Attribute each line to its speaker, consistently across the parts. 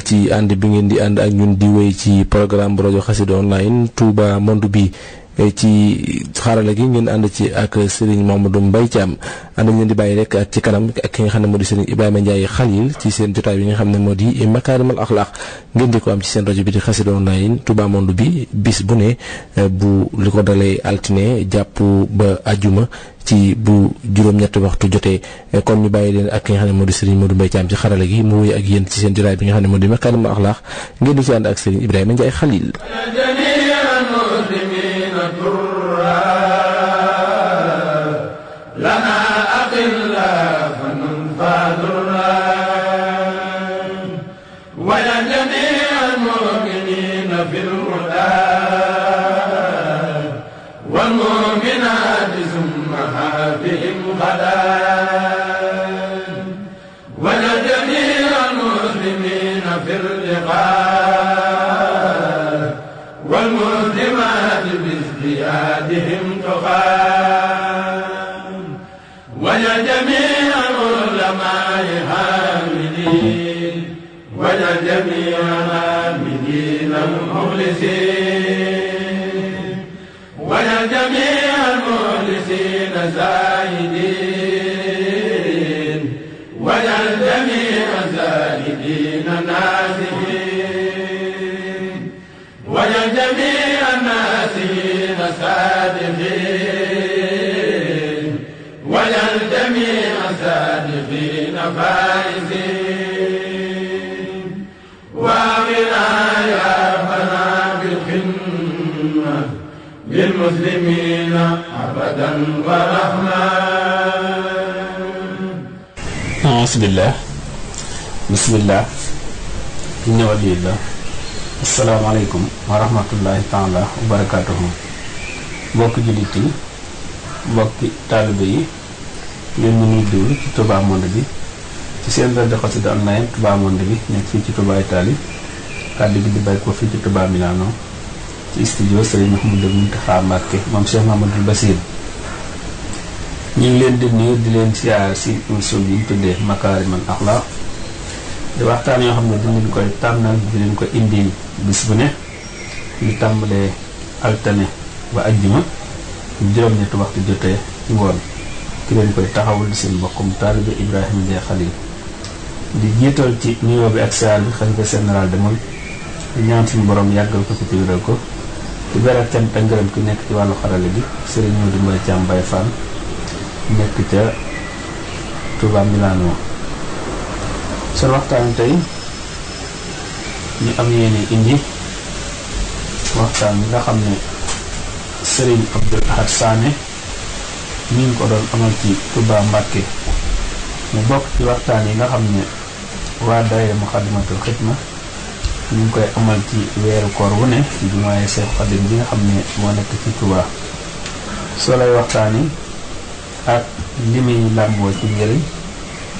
Speaker 1: ci ànd bi ngeen di ànd ak ñun di wéy ci programme rajo Xassida online Touba monde bi Eh, ci xarala gi ngeen ànd ci ak Serigne Mamadou Mbaye Thiam ànd ngeen di bàyyi rek ci kanam ak ki nga xam ne moo di Serigne Ibrahima Ndiaye Khalil ci seen jotaay bi nga xam ne moo di Makarimal Akhlaq ngeen di ko am ci seen rajo bi di Xassida Online Touba Monde bi bis bu ne eh, bu li ko dalee altine jàpp ba ajuma ci bu juróom-ñetti waxtu jotee eh, kon ñu bàyyi leen ak ki nga xam ne moo di Serigne Mamadou Mbaye Thiam ci xarala gi mu wéy ak yéen ci seen jotaay bi nga xam ne moo di Makarimal Akhlaq ngeen di ci ànd ak Serigne Ibrahima Ndiaye Khalil.
Speaker 2: الفائزين وامنا يا ربنا بالخدمة للمسلمين أبدا ورحمة
Speaker 1: أعوذ بالله بسم الله إن ولي الله السلام عليكم ورحمة الله تعالى وبركاته mbokk jullit yi mbokki taalibe yi ñun ñu ngi déglu ci Touba Monde bi ci seen rajo xasida online Touba Monde bi nekk fii ci Touba Italie kàddu gi di ko fii ci Touba Milano ci studio Serigne Mouhamadou Mountakha Mbacké moom ñu ngi leen di nuyu di leen siyaar si émission bi ñu tuddee Makarimal Akhlaq di waxtaan yoo xam ne dinañ koy tànnal di leen ko indi bis bu ne ñu tàmbalee altane ba ajjuma juróom-ñetti waxtu jotee ngoon ki leen koy taxawal di seen mbokkum taalibe Ibrahima Ndiaye Khalil di jiital ci nuyoo bi ak siyaar bi xalifa général de Mouride di ñaan suñu borom yàggal ko ci wéral ko di beral cant ak ki nekk ci wàllu xarale bi Serigne Modou Mbaye Thiam Baye Fall nekk ca Touba Milano seen waxtaan tey ñu am yéene indi waxtaan bi nga xam ne sëriñ Abdoul Ahad Sané mi ngi ko doon amal ci Touba Mbacké mu bokk ci waxtaan yi nga xam ne waa daayira Muxaddamatul Xidma ñu koy amal ci weeru koor wu ne ci jumaay Seex Xaadim nga xam ne moo nekk ci Tuubaa soo lay waxtaani ak li làmboo ci njëriñ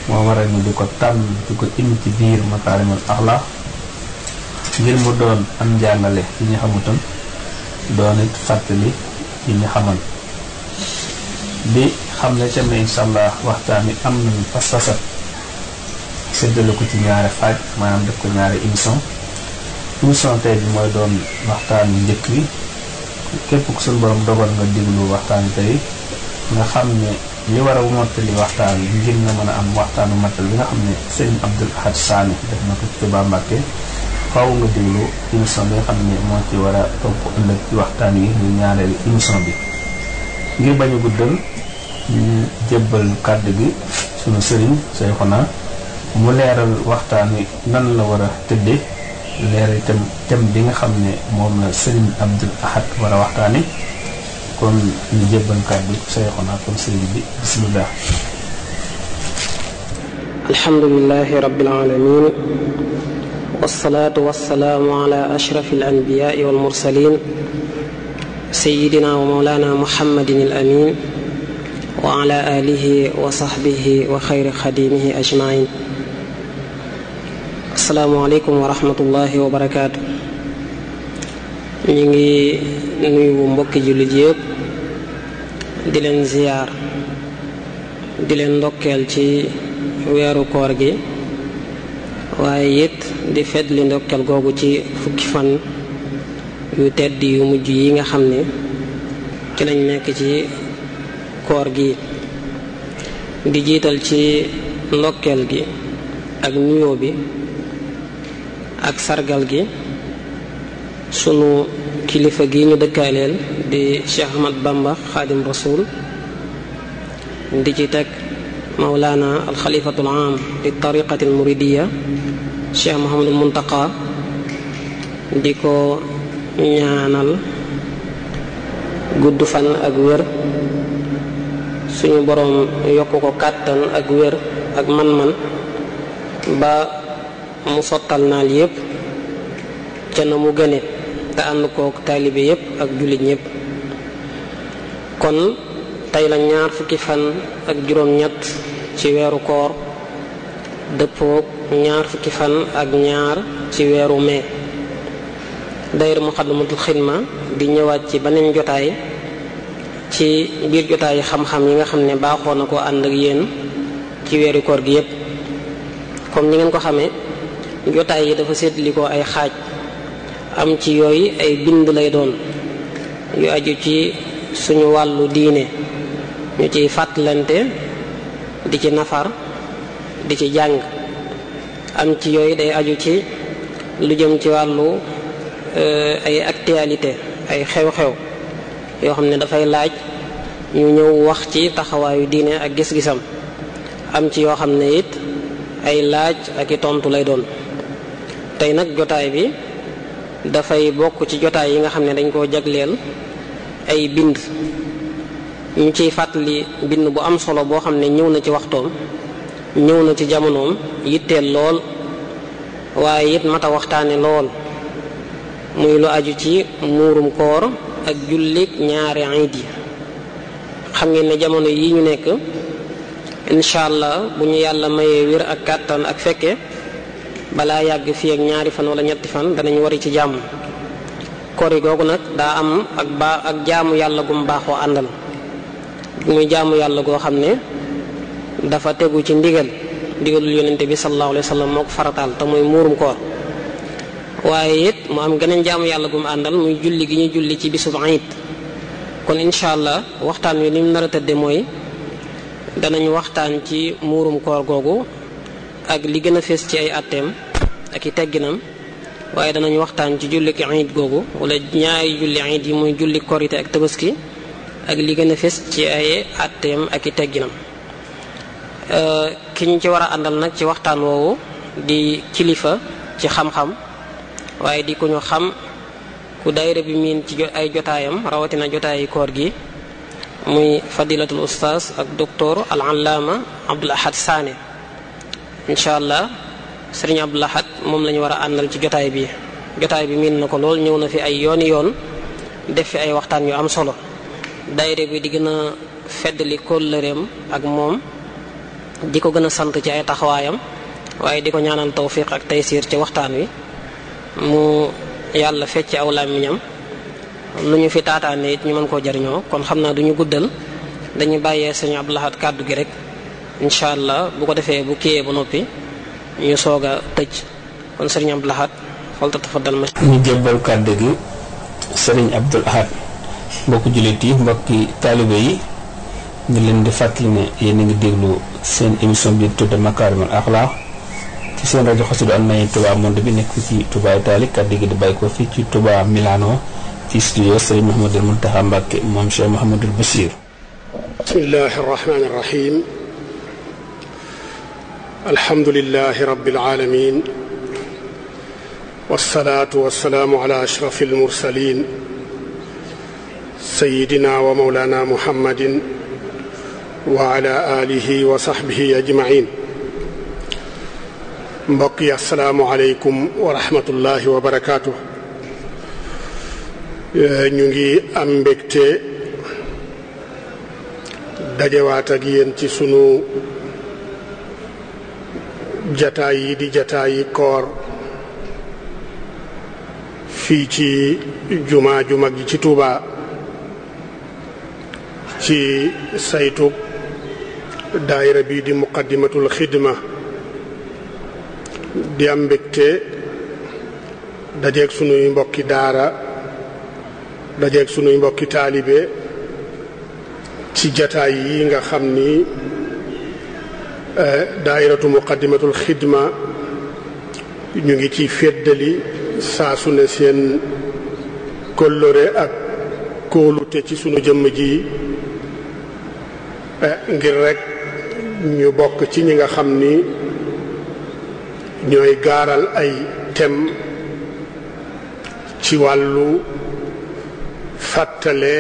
Speaker 1: moo waral ñu di ko tànn di ko indi ci biir Makaarimul Axlaaq ngir mu doon am njàngale ci ñu xamutoon doon it fàttali ci ñu xamal bi xam ne ca may insha Allah waxtaan wi am nañu pas séddale ko ci ñaari xaaj maanaam def ko ñaari émission émission tey bi mooy doon waxtaan bu njëkk bi képp ku suñu borom dogal nga déglu waxtaan tey nga xam ne li war a mottali waxtaan bi ngir nga mën a am waxtaanu mattal bi nga xam ne sëñ Abdul Ahad Sani def na ko ci Touba Mbacké faaw nga déglu émission bi nga xam ne moo ci war topp ëllëg ci waxtaan yi ñu ñaareel émission bi ngir bañ a guddal ñu jébbal kàddu gi sunu sëriñ Seexuna mu leeral waxtaan wi nan la war a tëddee leeral itam bi nga xam ne moom la sëriñ Abdul Ahad war waxtaani kon ñu jébbal kàddu Seyxuna kon sëriñ bi bisimilah.
Speaker 3: alhamdulilahi rabbil alamin wasalaatu wasalaamu ala ashraf al anbiyaai wal mursalin sayidina wa mawlana muhammadin al amin wa ala alihi wa sahbihi wa xayri xadimihi ajmain asalaamaaleykum wa rahmatullahi wa barakaatu. ñu ngi nuyu mbokki jullit yëpp di leen ziyaar di leen ndokkeel ci weeru koor gi waaye it di fetli li ndokkeel googu ci fukki fan yu tedd yu mujj yi nga xam ni ci lañ nekk ci koor gi di jiital ci ndokkeel gi ak nuyoo bi ak sargal gi sunu kilifa gi ñu dëkkaaleel di Cheikh Ahmad Bamba Xaadim Rasul di ci teg Mawlana alxalifatul am di tariqati almuridiya Cheikh Mohamadul Muntaqa di ko ñaanal gudd fan ak wér suñu boroom yokk ko kàttan ak wér ak man-man ba mu sottal naal yépp ca na mu gëne te ànd kook taalibe yépp ak jullit ñépp kon tey la ñaar fukki fan ak juróom-ñett ci weeru koor dëppook ñaar fukki fan ak ñaar ci weeru mai daayira Muxaddamatul Xidma di ñëwaat ci beneen jotaay ci biir jotaay xam-xam yi nga xam ne baaxoo na ko ànd ak ci weeru koor gi yépp comme ni ngeen ko xamee jotaay yi dafa séddlikoo ay xaaj am ci yooyu ay bind lay doon yu aju ci suñu wàllu diine ñu ciy fàttalante di ci nafar di ci jàng am ci yooyu day aju ci lu jëm ci wàllu eh, ay actualité ay xew-xew yoo xam ne dafay laaj ñu ñëw wax ci taxawaayu diine ak gis-gisam am ci yoo xam ne it ay laaj ak i tontu lay doon tey nag jotaay bi dafay bokk ci jotaay yi nga xam ne dañ koo jagleel ay bind ñu ciy fàttali bind bu am solo boo xam ne ñëw na ci waxtoom ñëw na ci jamonoom yitteel lool waaye it mata waxtaane lool muy lu aju ci muurum koor ak jullik ñaari iid yi xam ngeen ne jamono yi ñu nekk incha bu ñu yàlla mayee wér ak kàttan ak fekke balaa yàgg fii ak ñaari fan wala ñetti fan danañ wari ci jàmm kori googu nag daa am ak baa ak jaamu yàlla gum baaxoo àndal muy jaamu yàlla goo xam ne dafa tegu ci ndigal ndigalul yonente bi sallallahu alayhi wa sallam moo ko farataal te muy muurum koor waaye it mu am geneen jaamu yàlla gum àndal muy julli gi ñu julli ci bisub ayit kon incha allah waxtaan wi ni mu nar a tëdde mooy danañ waxtaan ci muurum koor googu ak li gën a fees ci ay atteem ak i tegginam waaye danañu waxtaan ci julli iid googu wala ñaari julli iid muy julli korite ak ak li gën a fees ci ay atteem ak i tegginam euh, ki ñu ci war a àndal nag ci waxtaan woowu di kilifa ci xam-xam waaye di ku ñu xam ku daayira bi miin ci ay jotaayam rawatina jotaayi koor gi muy fadilatul ustaas ak docteur al allaama Abdul Ahad Saane incha allah sëriñ Abdou Lahad moom la ñu war a àndal ci jotaay bi jotaay bi miin na ko lool ñëw na fi ay yooni yoon def fi ay waxtaan yu am solo daayira bi di gën a feddali kóllëreem ak moom di ko gën a sant ci ay taxawaayam waaye di ko ñaanal tawfiq ak tey taysiir ci waxtaan wi mu yàlla fecc aw làmmiñam lu ñu fi taataane it ñu mën koo jariñoo kon xam naa du ñu guddal dañu bàyyee sëriñ Abdou Lahad kàddu gi rek incha allah bu ko defee bu kiyee ba noppi ñu soog a tëj kon sëriñ Abdul Ahad falta tafaddal ma
Speaker 1: ñu jébbal kàddu gi sëriñ Abdul Ahad mbokki jullit yi mbokki taalibe yi ñu leen di fàttali ne yéen a ngi déglu seen émission bi tudd Makarimal Akhlaq ci seen rajo xasida online Touba Monde bi nekk fii ci Touba Italie kàddu gi di bàyyi ko ci Touba Milano ci studio sëriñ Mouhamadul Mountakha Mbacké moom Cheikh Mouhamadul Bachir
Speaker 4: bismillahi rahmaani alhamdulilahi rabbil aalamiin wasalaatu wasalaamu ala ashraf almursalin sayidina wa mawlana muhammadin wa ala alihi wa saxbihi ajmain mbokk yi asalaamu aleykum wa rahmatullahi wa barakaatu ñu ngi am mbégte dajewaat ak yéen ci sunu jataay yi di jataayi koor fii ci jumaa ju mag ji ci Tuuba ci saytu daayira bii di muqaddimatul xidma di am mbégte dajeeg sunuy mbokki daara dajeeg sunuy mbokki taalibe ci jataay yi nga xam ni Eh, daairatu muqaddimatul xidma ñu ngi ci féddali saa su ne seen kóllëre ak kóolute ci sunu jëmm ji eh, ngir rekk ñu bokk ci ñi nga xam ni ñooy gaaral ay thème ci wàllu fàttale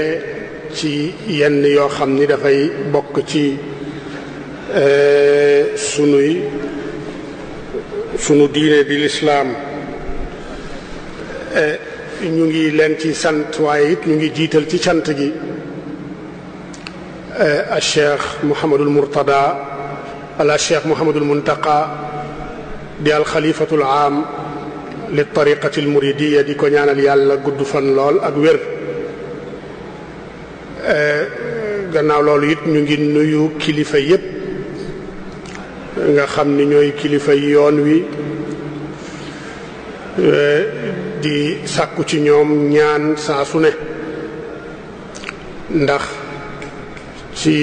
Speaker 4: ci yenn yoo xam ni dafay bokk ci Eh, sunuy sunu diine di lislaam eh, ñu ngi leen ci sant waaye it ñu ngi jiital ci cant gi eh, a cheikh Mouhamadul Mourtada ala cheikh Mouhamadul Muntaqa di al xalifatul aam li tariqatil muridiya di ko ñaanal yàlla gudd fan lool ak wér. gannaaw loolu it ñu ngi nuyu kilifa yépp nga xam ni ñooy kilifa yoon wi eh, di sàkku ci ñoom ñaan saa ne ndax ci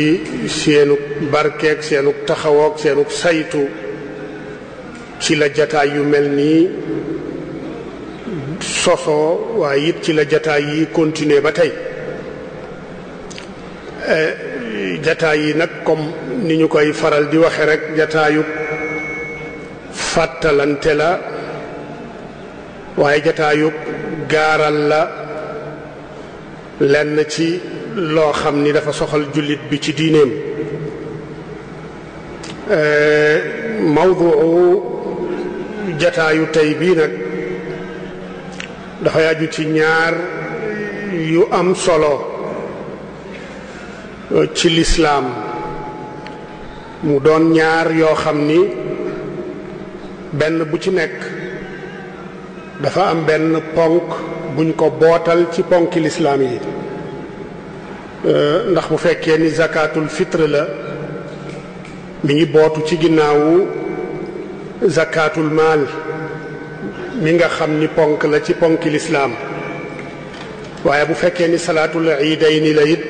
Speaker 4: seenu barkeeg seenu taxawoog seenu saytu ci la jataay yu mel nii sosoo waaye it ci la jataay yi continuer ba tey eh, jataay yi nag comme ni ñu koy faral di waxe rek jataayu fàttalante la waaye jataayu gaaral la lenn ci loo xam ni dafa soxal jullit bi ci diineem mawduu jataayu tey bii nag dafa yàju ci ñaar yu am solo Euh, ci lislaam mu doon ñaar yoo xam ni benn bu ci nekk dafa am benn ponk buñ ko bootal ci ponki lislaam yi euh, ndax bu fekkee ni zakatul fitre la mi ngi bootu ci ginnaawu zakatul maal mi nga xam ni ponk la ci ponki lislaam waaye bu fekkee ni salaatul iidayni la it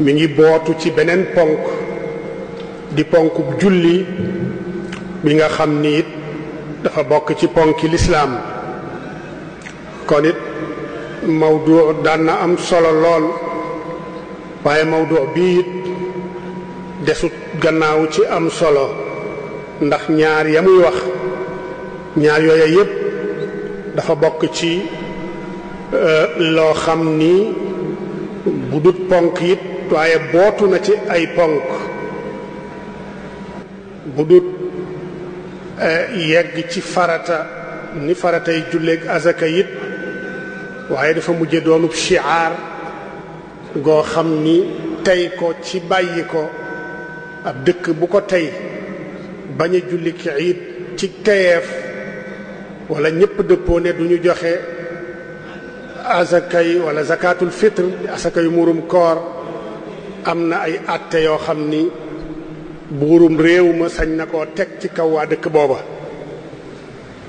Speaker 4: mi ngi bootu ci beneen ponk di ponku julli bi nga xam ni dafa bokk ci ponk ponki lislaam kon it mawdu daan na am solo lool waaye mawdu bii it desut gannaaw ci am solo ndax ñaar ya muy wax ñaar yooya yépp dafa bokk ci euh, loo xam ni bu dut ponk it waaye bootu na ci ay ponk bu dut eh, yegg ci farata ni faratay julleeg azaka it waaye dafa mujje doonub shiaar goo xam ni tey ko ci bàyyi ko ab dëkk bu ko tey bañ a julli ki it ci teyeef wala ñëpp dëppoo ne du ñu joxe azakay wala zakatul fitr asaka yu murum koor am na ay àtte yoo xam ni buurum réew ma sañ na ko teg ci kaw waa dëkk booba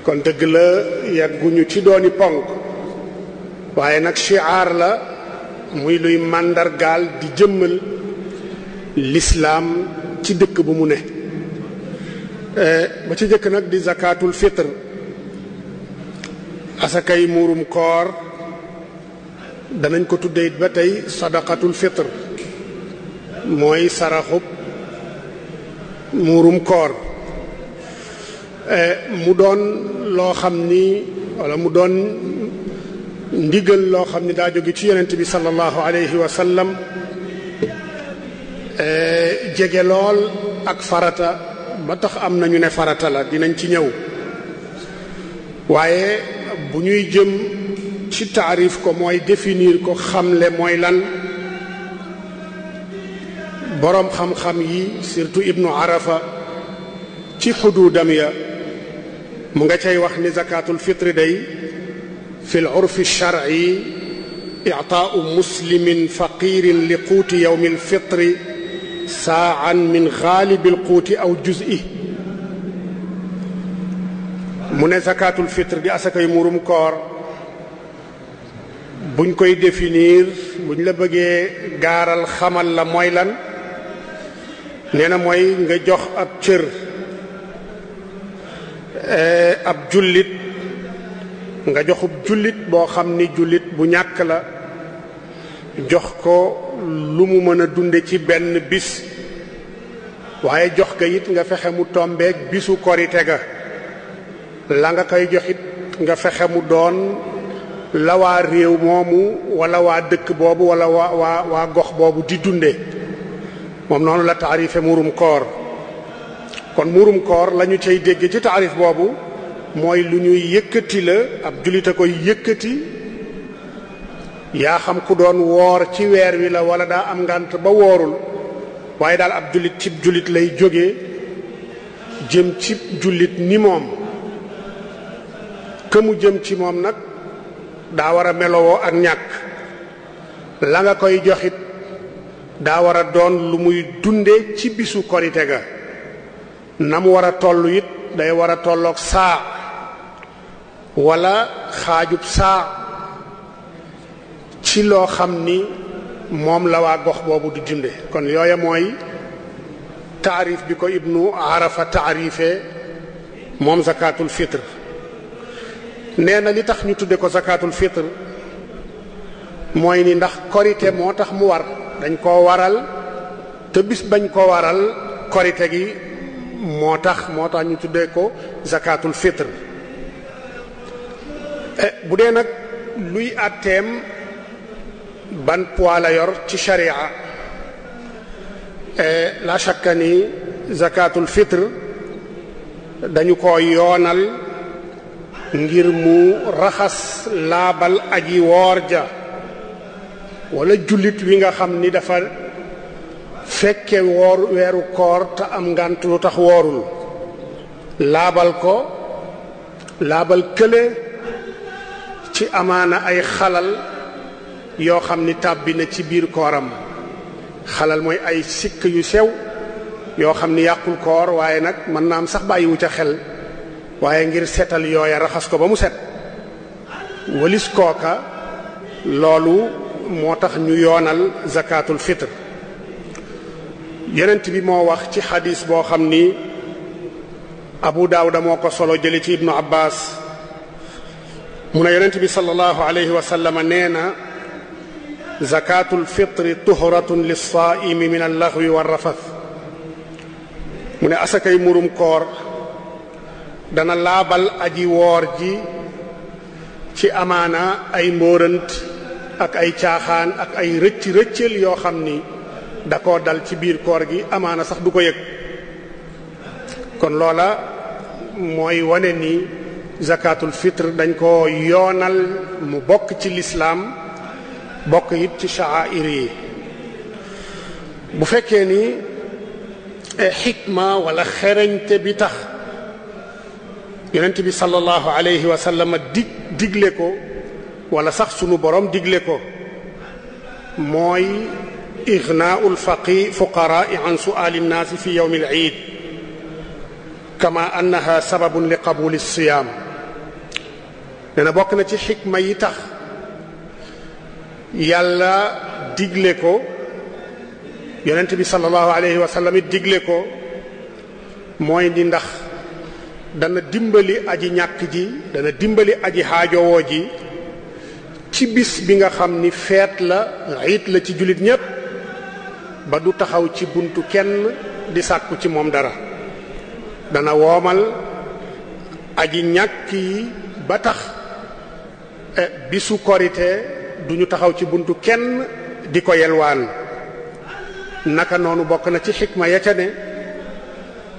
Speaker 4: kon dëgg la yegguñu ci dooni ponk waaye nag chiar la muy luy màndargaal di jëmmal lislaam ci dëkk bu mu ne e, ba ci jëkk nag di zakatul fitr asakay muurum koor danañ ko tuddee ba tey sadaqatul fitr mooy saraxub muurum koor e, mu doon loo xam ni wala mu doon ndigal loo xam ni daa jóge ci yonent bi sallallahu alayhi wa sallam e, jege lool ak farata ba tax am nañu ne farata la dinañ ci ñëw waaye bu ñuy jëm ci taarif ko mooy définir ko xamle mooy lan boroom xam-xam yi surtout ibnu arafa ci xuduudam ya mu nga cay wax ni zakatul fitri day fi l urfi shar'i i'taau muslimin faqirin li quuti yowmi lfitri saaan min xaalibi lquuti aw juz'i mu ne zakatul fitre di asakay murum koor buñ koy définir buñ la bëggee gaaral xamal la mooy lan nee na mooy nga jox ab cër eh, ab jullit nga joxub jullit boo xam ni jullit bu ñàkk la jox ko lu mu mën a dunde ci benn bis waaye jox ga it nga fexe mu tombeeg bisu korite ga la nga koy joxit nga fexe mu doon la waa réew moomu wala waa dëkk boobu wala waa waa waa gox boobu di dunde moom noonu la taarife muurum koor kon muurum koor lañu cay dégg ci taarif boobu mooy lu ñuy yëkkati la ab jullit a koy yëkkati yaa xam ku doon woor ci weer wi la wala daa am ngànt ba woorul waaye daal ab jullit cib jullit lay jóge jëm cib jullit ni moom ka jëm ci moom nag daa war a melowoo ak ñàkk la nga koy joxit daa war a doon lu muy dunde ci bisu korite ga na mu war a toll it day war a tolloog saa wala xaajub saa ci loo xam ni moom la waa gox boobu di dunde kon yooya mooy taarif bi ko ibnu arafa taarife moom zakatul fitre nee na li tax ñu tudde ko zakatul fitre mooy ni ndax korite moo tax mu war dañ koo waral te bañ ko waral korite gi moo tax moo tax ñu tuddee ko zakatul fitr eh, bu dee nag luy àtteem ban poids la yor ci sharia eh, la shakka ni zakatul fitr dañu ko yoonal ngir mu raxas laabal aji woor ja walla jullit wi nga xam ni dafa fekke woor weeru koor te am ngànt lu tax woorul laabal ko laabal kële ci amaana ay xalal yoo xam ni tàbbi na ci biir kooram xalal mooy ay sikk yu sew yoo xam ni yàqul koor waaye nag mën naa am sax bàyyiwu ca xel waaye ngir setal yooya raxas ko ba mu set walis kooka loolu moo tax ñu yoonal zakatul fitr yonent bi moo wax ci xadiis boo xam ni abu daawuda moo ko solo jële ci ibnu abbas mu ne yonent bi sallallahu alayhi wa nee na zakatul fitri tuhratun lissaaimi min allaxwi wa rafath mu ne asakay mburum koor dana laabal aji woor ji ci amaana ay mbóorant ak ay caaxaan ak ay rëcc rëccël yoo xam ni da koo dal ci biir koor gi amaana sax du ko yëg kon loola mooy wane ni zakatul fitre dañ ko yoonal mu bokk ci lislaam bokk it ci sha'air yi bu fekkee ni eh, xikma wala xereñte bi tax yonent bi sallallahu alayhi wa digle ko wala sax sunu boroom digle ko mooy ignaul faqi fuqaraa an suaali nnaasi fi yowmi al iid kama annaha sababun li qabuli siyaam nee bokk na ci xikma yi tax yàlla digle ko yonent bi sallallahu alayhi wa digle ko mooy ni ndax dana dimbali aji ñàkk ji dana dimbali aji xaajowoo ji ci bis bi nga xam ni feet la it la ci jullit ñépp ba du taxaw ci buntu kenn di sàkku ci moom dara dana woomal aji ñàkk yi ba tax eh, bisu korite duñu taxaw ci buntu kenn di ko yelwaan naka noonu bokk na ci xikma ya ca ne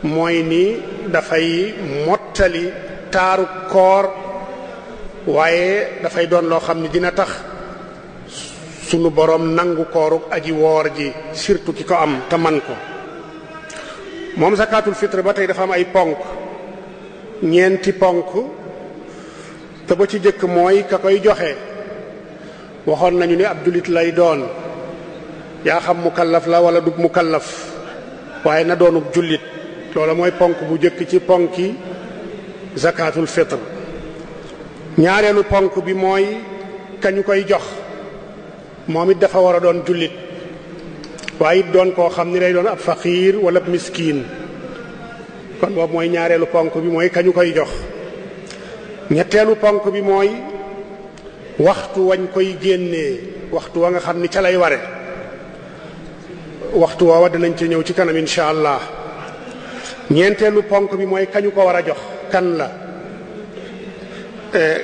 Speaker 4: mooy ni dafay mottali taaru koor waaye dafay doon loo xam ne dina tax sunu borom nangu kooruk aji woor ji surtout ki ko am te man ko moom zakaatul fitre ba tey dafa am ay ponk ñeenti ponk te ba ci jëkk mooy ka koy joxe waxoon nañu ni ab jullit lay doon yaa xam mu kallaf la wala mu kallaf waaye na doonub jullit loola mooy ponk bu jëkk ci ponki zakaatul fitre ñaareelu ponk bi mooy kañu koy jox moom it dafa war a doon jullit waaye it doon koo xam ni day doon ab faqiir wala ab miskiin kon boobu mooy ñaareelu ponk bi mooy kañu koy jox ñetteelu ponk bi mooy waxtu wañ koy génnee waxtu wa nga xam ni ca lay ware waxtu woowa dinañ ci ñëw ci kanam incha allah ñeenteelu ponk bi mooy kañu ko war a jox kan la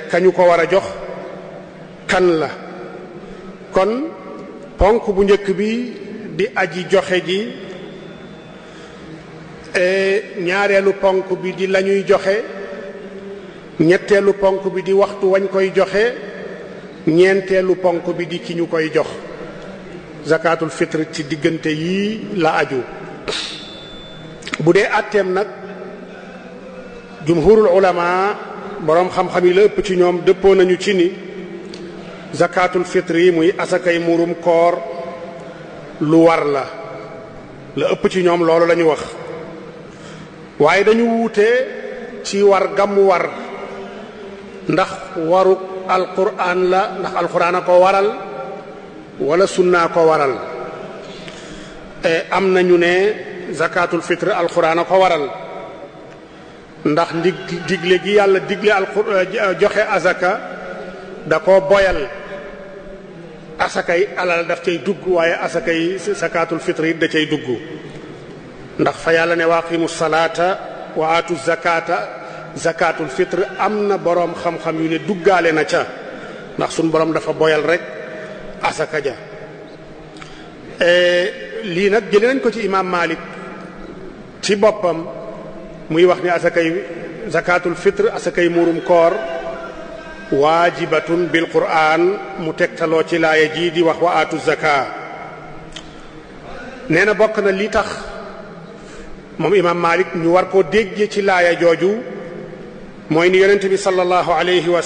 Speaker 4: kañu ko war a jox kan la kon ponk bu njëkk bi di aji joxe ji e ñaareelu ponk bi di lañuy joxe ñetteelu ponk bi di waxtu wañ koy joxe ñeenteelu ponk bi di ki ñu koy jox zakatul fitr ci diggante yii la aju bu dee àtteem nag jumhurul ulama boroom xam-xam yi la ëpp ci ñoom dëppoo nañu ci ni zakatul fitri yi muy asakay murum koor lu war la la ëpp ci ñoom loolu la wax waaye dañu wuute ci war gàmmu war ndax waru alquran la ndax alquran a ko waral wala sunnaa ko waral eh, am nañu ne zakatul fitri alquran a ko waral ndax digg digle gi yàlla digle alxur eh, eh, joxe asaka da ko boyal asaka yi alal daf cey dugg waaye asaka yi sakaatul fitre yi da cey dugg ndax fa yàlla ne waaqimu salaata wa aatu zakata zakaatul fitre am na boroom xam-xam yu ne duggaale na ca ndax sunu boroom dafa boyal rek asaka ja eh, lii nag jële nañ ko ci imaam Maalik ci boppam muy wax ni asakay zakatul fitre asakay muurum koor waajibatun bil quraan mu tegtaloo ci laaya jii di wax wa aatu nee na bokk na li tax moom imaam Malik ñu war koo dégge ci laaya jooju mooy ni yonent bi sallallahu alayhi wa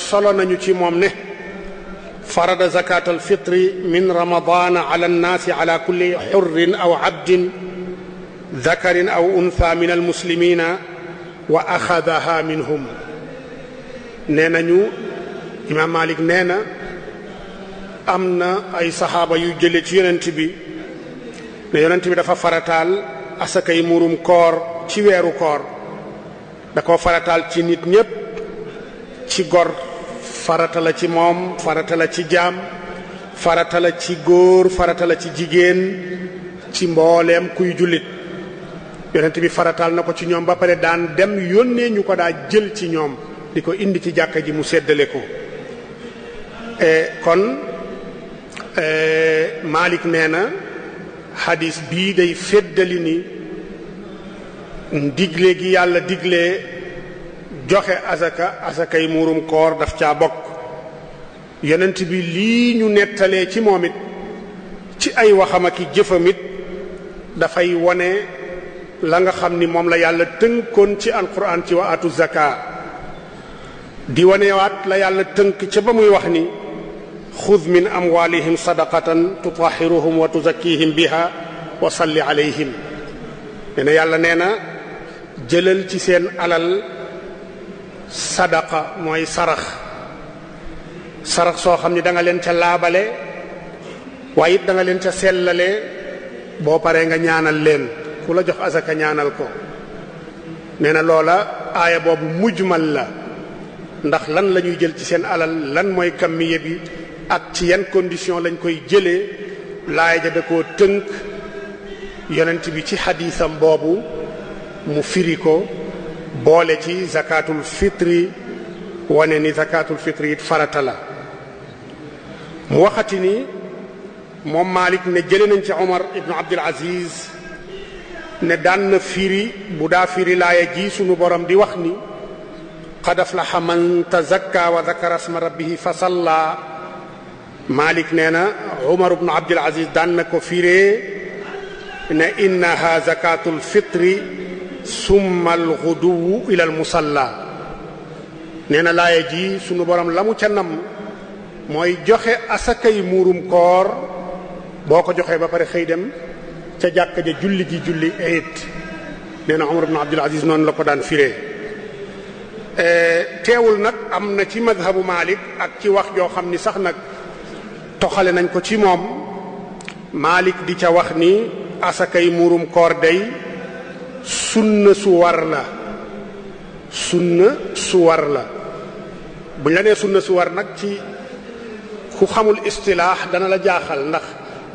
Speaker 4: solo nañu ci moom ne farada zakatal fitri min ramadana ala nnaasi ala xurrin aw abdin dakarin aw untha min almuslimina wa axadaha minhum nee nañu imaam Malik nee na am na ay saxaaba yu jële ci yonent bi ne yonent bi dafa farataal asakay muurum koor ci weeru koor da ko farataal ci nit ñépp ci gor faratal la ci moom farata ci jaam faratal la ci góor farata ci jigéen ci mbooleem kuy jullit yonent bi faratal na ko ci ñoom ba pare daan dem yónnee ñu ko daa jël ci ñoom di ko indi ci jàkka ji mu séddale ko eh, kon eh, Malik nee na xadis bii day féddali ni digle gi yàlla digle joxe asaka asakay muurum koor daf caa bokk yonent bi lii ñu nettalee ci moom it ci ay waxam ak jëfam it dafay wone la nga xam ni moom la yàlla tënkoon ci alquran ci wa atu zaka di wanewaat la yàlla tënk ca ba muy wax ni xud min am amwalihim sadaqatan tutahiruhum wa tuzakkihim biha wa salli alayhim nee na yàlla nee na jëlal ci seen alal sadaqa mooy sarax sarax soo xam ni danga leen ca laabale waaye it da leen ca sellale boo paree nga ñaanal leen ku la jox asaka ñaanal ko nee na loola aaya boobu mujj mujmal la ndax lan la ñuy jël ci seen alal lan mooy kammiye bi ak ci yan condition lañ koy jëlee laaya ja da koo tënk yonent bi ci xadiisam boobu mu firi ko boole ci zakatul fitri wane ni zakatul fitri it farata la mu waxati ni moom Malik ne jële nañ ci Omar ibnu Abdul Aziz ne daan na firi bu daa firi laaya ji sunu borom di wax ni qad aflaha man tazakka wa zakara asma rabbihi fa salla malik nee na umar ibnu abdul aziz daan na ko firee ne innaha zakatul fitri summa alxuduwu ila almusalla nee na laaya ji sunu borom lamu mu ca nam mooy joxe asakay muurum koor boo ko joxee ba pare xëy dem ca jàkka ja julli ji julli ayit nee na Umar ibn Abdul Aziz noonu la ko daan firee e, teewul nag am na ci madhabu Malik ak ci wax joo xam ni sax nag toxale nañ ko ci moom Malik di ca wax ni asakay muurum koor day sunna su war la sunna su war la buñ la nee sunna su war nag ci ku xamul istilaax dana la jaaxal ndax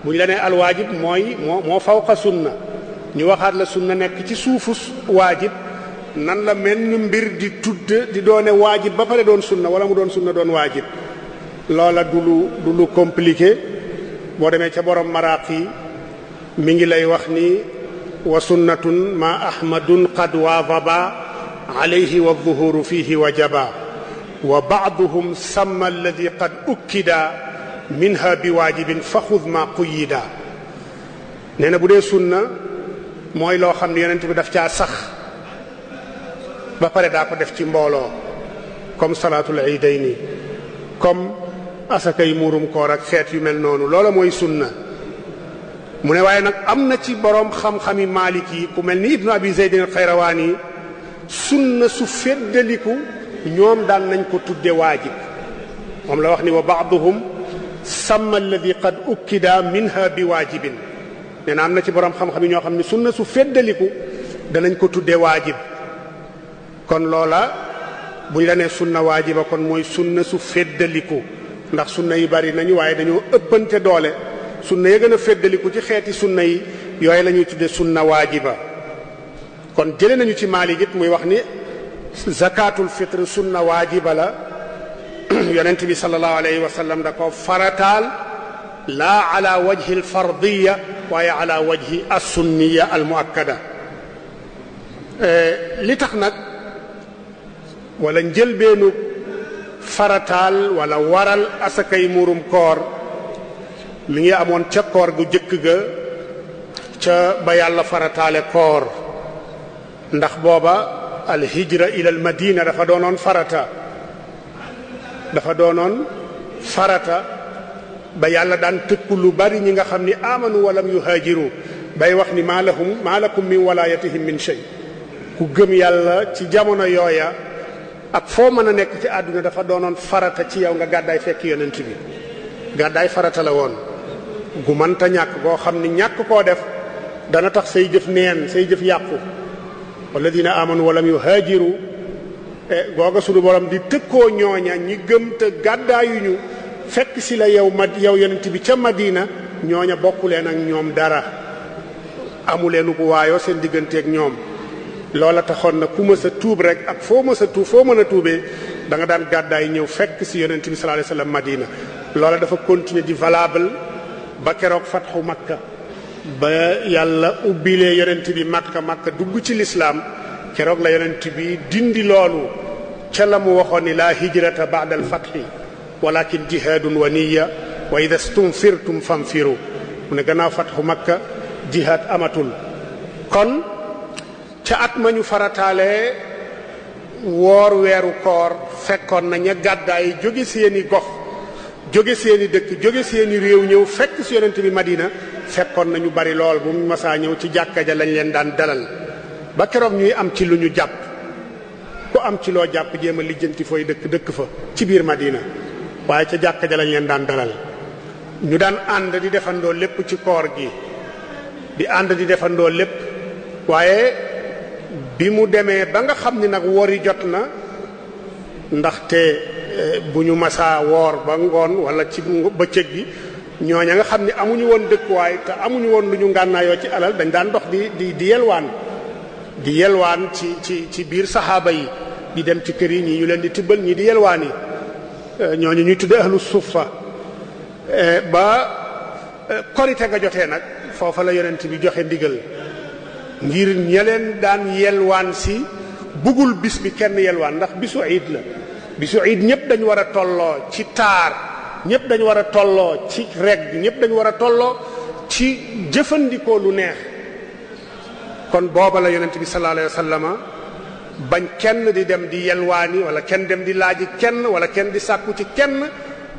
Speaker 4: buñ la nee alwaajib mooy moo faw fawqa sunna ñu waxaat la sunna nekk ci suufu waajib nan la menn mbir di tudd di doone waajib ba pare doon sunna wala mu doon sunna doon waajib loola du lu du boo demee ca borom maraaq mi ngi lay wax ni wa sunnatun ma ahmadun qad waadaba alayhi wa dhuhuru fihi wajaba wa baaduhum samma alladi qad ukkida minha bi waajibin fa xud ma quyida nee na bu dee sunna mooy loo xam ne yonent bi daf caa sax ba pare daa ko def ci mbooloo comme salaatul iidayni comme asaka yi muurum koor ak xeet yu mel noonu loola mooy sunna mu ne waaye nag am na ci boroom xam-xami maalik yi ku mel ni ibnu abi zeydin al xayrawaan yi sunna su feddaliku ñoom daan nañ ko tudde waajib moom la wax ni wa baaduhum sàmm alladi qad ukkida minha bi waajibin nee na am na ci boroom xamxam yi ñoo xam ne sunna su feddaliku danañ ko tuddee waajib kon loola bu ñu la nee sunna waajiba kon mooy sunna su feddaliku ndax sunna yi bari nañu waaye dañoo ëppante doole sunna ya gën a feddaliku ci xeeti sunna yi yooyu la ñuy tuddee sunna waajiba kon jële nañu ci Maalik it muy wax ni zakatul fitr sunna waajiba la yonent bi sallallahu alayhi wa da ko farataal laa ala wajhi alfardiya waaye ala wajhi assunniya almuakkada e, li tax nag wala njëlbeenu farataal walla waral asakay muurum koor mi ngi amoon ca koor gu jëkk ga ca ba yàlla farataale koor ndax booba alhijra ila almadina dafa doonoon farata dafa doonoon farata ba yàlla daan tëkk lu bari ñi nga xam ni amanu walam yuhaajiru bay wax ni maa lahum mi lakum min walaayatihim min ku gëm yàlla ci jamono yooya ak foo mën a nekk ci àdduna dafa doonoon farata ci yow nga gàddaay fekk yonent bi gàddaay farata la woon gu mënta ñàkk boo xam ni ñàkk koo def dana tax say jëf neen say jëf yàqu walladina amanu walam yuhaajiru Eh, googa sunu borom di tëkkoo ñooña ñi gëm te gàddaayuñu fekk si la yow ma yow yonent bi ca Madina ñooña bokku leen ak ñoom dara amu leen ko waayoo seen diggante ak ñoom loola taxoon na ku mës a tuub rek ak foo mës a tuub foo mën a tuubee danga nga daan gàddaay ñëw fekk si yonent bi sallallahu alayhi wasallam Madina loola dafa continuer di valable ba keroog fatxu Makka ba yàlla ubbilee yonent bi Makka Makka dugg ci lislaam keroog la yonent bi dindi loolu ca la mu waxoon ni laa hijrata ba'da al-fathi walakin jihaadun wa niyya wa idha stunfirtum fanfiru mu ne gannaaw fatxu makka amatul kon ca at ma ñu farataalee woor weeru koor fekkoon na ña gàddaay jóge seeni gox jóge seeni dëkk jóge seeni réew ñëw fekk si yonent bi madina fekkoon na ñu bari lool bu mu masaa ñëw ci jàkka ja lañ leen daan dalal ba keroog ñuy am ci lu ñu jàpp ku am ci loo jàpp jéem a lijjanti fooy dëkk dëkk fa ci biir Madina waaye ca jàkka ja lañ leen daan dalal ñu daan ànd di defandoo lépp ci koor gi di ànd di defandoo lépp waaye bi mu demee ba nga xam ni nag woor yi jot na ndaxte eh, bu ñu masaa woor ba ngoon wala ci ba bëccëg bi ña nga xam ni amuñu woon dëkkuwaay te amuñu woon lu ñu ngànnaayoo ci alal dañ daan ndox di di di yelwaan di yelwaan ci ci ci biir saxaaba yi di dem ci kër yi ñii ñu leen di tibbal ñii di yelwaan yi eh, ñu ñuy tudde suuf suffa eh, ba eh, korite nga jotee nag foofa la yonent bi joxe ndigal ngir ña leen daan yelwaan si bugul bis bi kenn yelwaan ndax bisu iid la bisu iid ñëpp dañu war a tolloo ci taar ñëpp dañu war a tolloo ci regg ñëpp dañu war a tolloo ci jëfandikoo lu neex kon booba la yonent bi sallallahu alayhi wa bañ kenn di dem di yelwaani wala kenn dem di laaji kenn wala kenn di sàkku ci kenn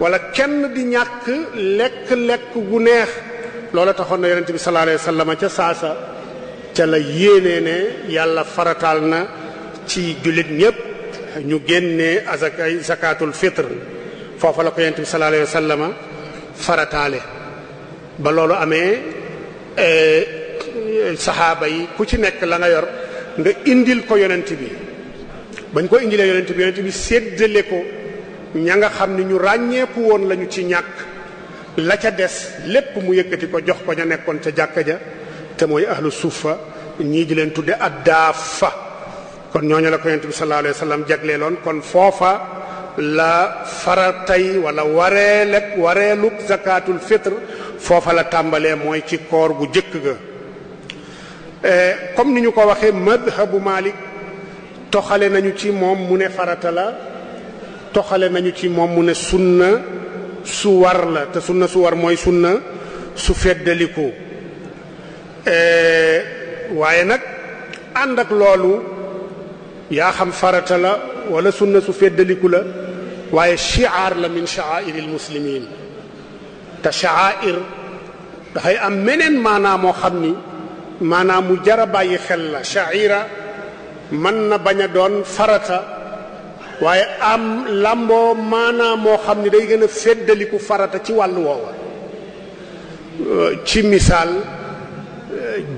Speaker 4: wala kenn di ñàkk lekk-lekk gu neex loola taxoon na yonent bi sallallahu alayhi wa ca saasa ca la yéenee yàlla farataal na ci jullit ñépp ñu génne azakay zakatul fitr foofa la ko yonent bi sallallahu alayhi wa farataale ba loolu amee eh, saxaaba yi ku ci nekk la nga yor nga indil ko yonent bi bañ ko indilee yonent bi yonent bi séddale ko ña nga xam ni ñu ràññeeku woon lañu ci ñàkk la ca des lépp mu yëkkati ko jox ko ña nekkoon ca jàkka ja te mooy ahlu suufa ñii di leen tudde addaafa kon ñooñu la ko yonent bi sallallahu alayhi wa sallam jagleeloon kon foofa la faratay wala wareelek wareeluk zakatul fitr foofa la tàmbalee mooy ci koor gu jëkk ga Eh, comme ni ñu ko waxee madhabu maalik toxale nañu ci moom mu ne farata la toxale nañu ci moom mu ne sunna su war la te sunna su war mooy sunna su feddaliku eh, waaye nag ànd ak loolu yaa xam farata la wala sunna su feddaliku la waaye shi'ar la min sha'air al muslimin te sha'air dafay am meneen maanaa moo xam ni maanaam mu jara bàyyi xel la sha'ira mën na bañ a doon farata waaye am làmboo maanaam moo xam ni day gën a feddaliku farata ci wàllu woowa ci misaal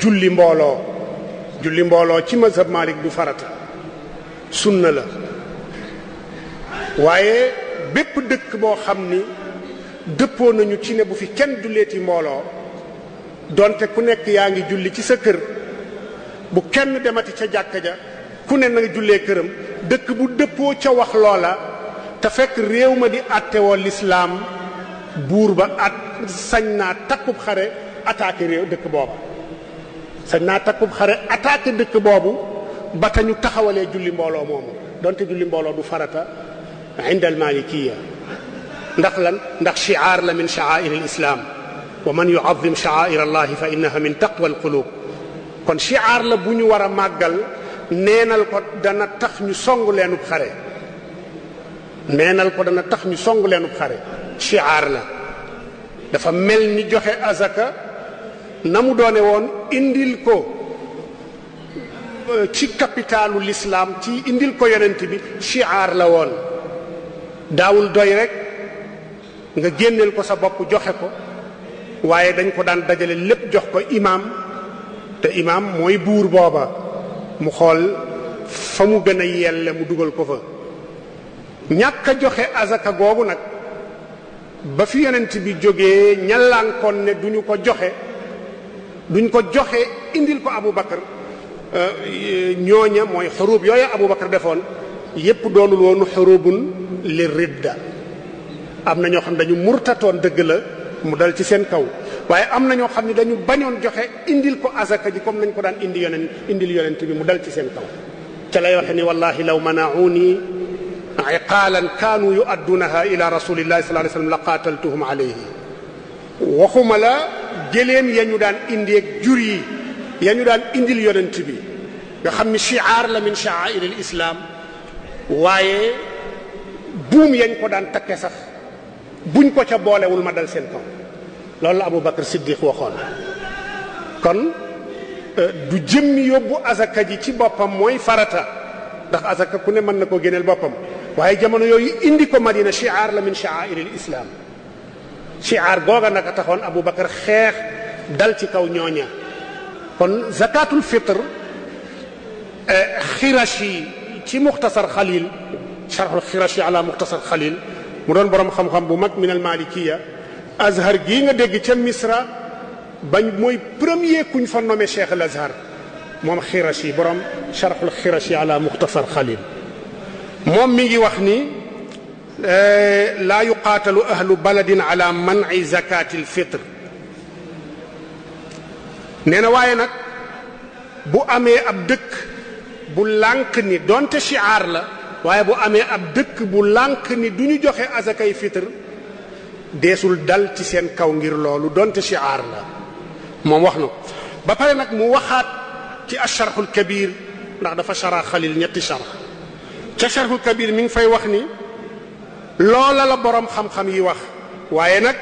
Speaker 4: julli mbooloo julli mbooloo ci mazhab Malik du farata sunna la waaye bépp dëkk boo xam ni dëppoo nañu ci ne bu fi kenn julleeti mbooloo donte ku nekk yaa ngi julli ci sa kër bu kenn demati ca jàkka ja ku ne na nga jullee këram dëkk bu dëppoo ca wax loola te fekk réew ma di àttewoo lislaam buur ba at sañ naa takkub xare attaqué réew dëkk boobu naa takkub xare attaqué dëkk boobu ba te ñu taxawalee julli mbooloo moomu donte julli mbooloo du farata indal malikiya ndax lan ndax shiaar la min shaair al islam wa man yuazim sha'air allahi fa innaha min taqwa alqulub kon shi'aar la bu ñu war a màggal neenal ko dana tax ñu song leenub xare neenal ko dana tax ñu song leenub xare shi'aar la dafa mel ni joxe azaka na mu doone woon indil ko euh, ci capitalu lislaam ci indil ko yonent bi shi'aar la woon daawul doy rek nga génneel ko sa bopp joxe ko waaye dañ ko daan dajale lépp jox ko imaam te imaam mooy buur booba mu xool fa mu gën a yelle mu dugal ko fa ñàkk a joxe azaka googu nag ba fi yonent bi jógee ñàllaankoon ne duñu ko joxe duñ ko joxe indil ko Abu Bakar euh, ñooña mooy xurub yooya Abu Bakar defoon yépp doonul woonu xurubun li ridda am na ñoo xam dañu murtatoon dëgg la mu dal ci seen kaw waaye am na ñoo xam ne dañu bañoon joxe indil ko azaka ji comme nañ ko daan indi yonen indil yonent bi mu dal ci seen kaw ca lay waxe ni wallahi law manauni iqaalan kaanu yuaddunaha ila rasulillahi sallallahu alayhi wasallam la qaataltuhum alayhi waxuma la géléem ya ñu daan indi ak jur yi ya ñu daan indil yonent bi nga xam ni shiaar la min shaair al waaye buum yañ ko daan takke sax buñ ko ca boolewul ma dal seen kaw loolu la Aboubacar Siddiq waxoon kon euh, du jëmmi yóbbu azaka ji ci boppam mooy farata ndax azaka ku ne mën na koo génneel boppam waaye jamono yooyu indi ko Madina shiar la min sha'airil islam shiar googa naka taxoon Aboubacar xeex dal ci kaw ñooña kon zakatul fitr euh, xirashi ci muxtasar xalil charxul xirashi ala muxtasar xalil mu doon borom xam-xam bu mag min al azhar gii nga dégg ca misra bañ mooy premier kuñ fa nommé cheikh azhar moom xirashi borom charxul xirashi ala muxtasar xalil moom mi ngi wax ni eh, laa yuqaatalu ahlu baladin ala ay zakati lfitre nee na waaye nag bu amee ab dëkk bu lànk ni donte chiaar la waaye bu amee ab dëkk bu lànk ni du ñu joxe azakay fitr deesul dal ci seen kaw ngir loolu donte aar la moom wax na ba pare nag mu waxaat ci asharxul kabir ndax dafa shara xalil ñetti sharx ca sharxul kabir mi ngi fay wax ni loola la boroom xam-xam yi wax waaye nag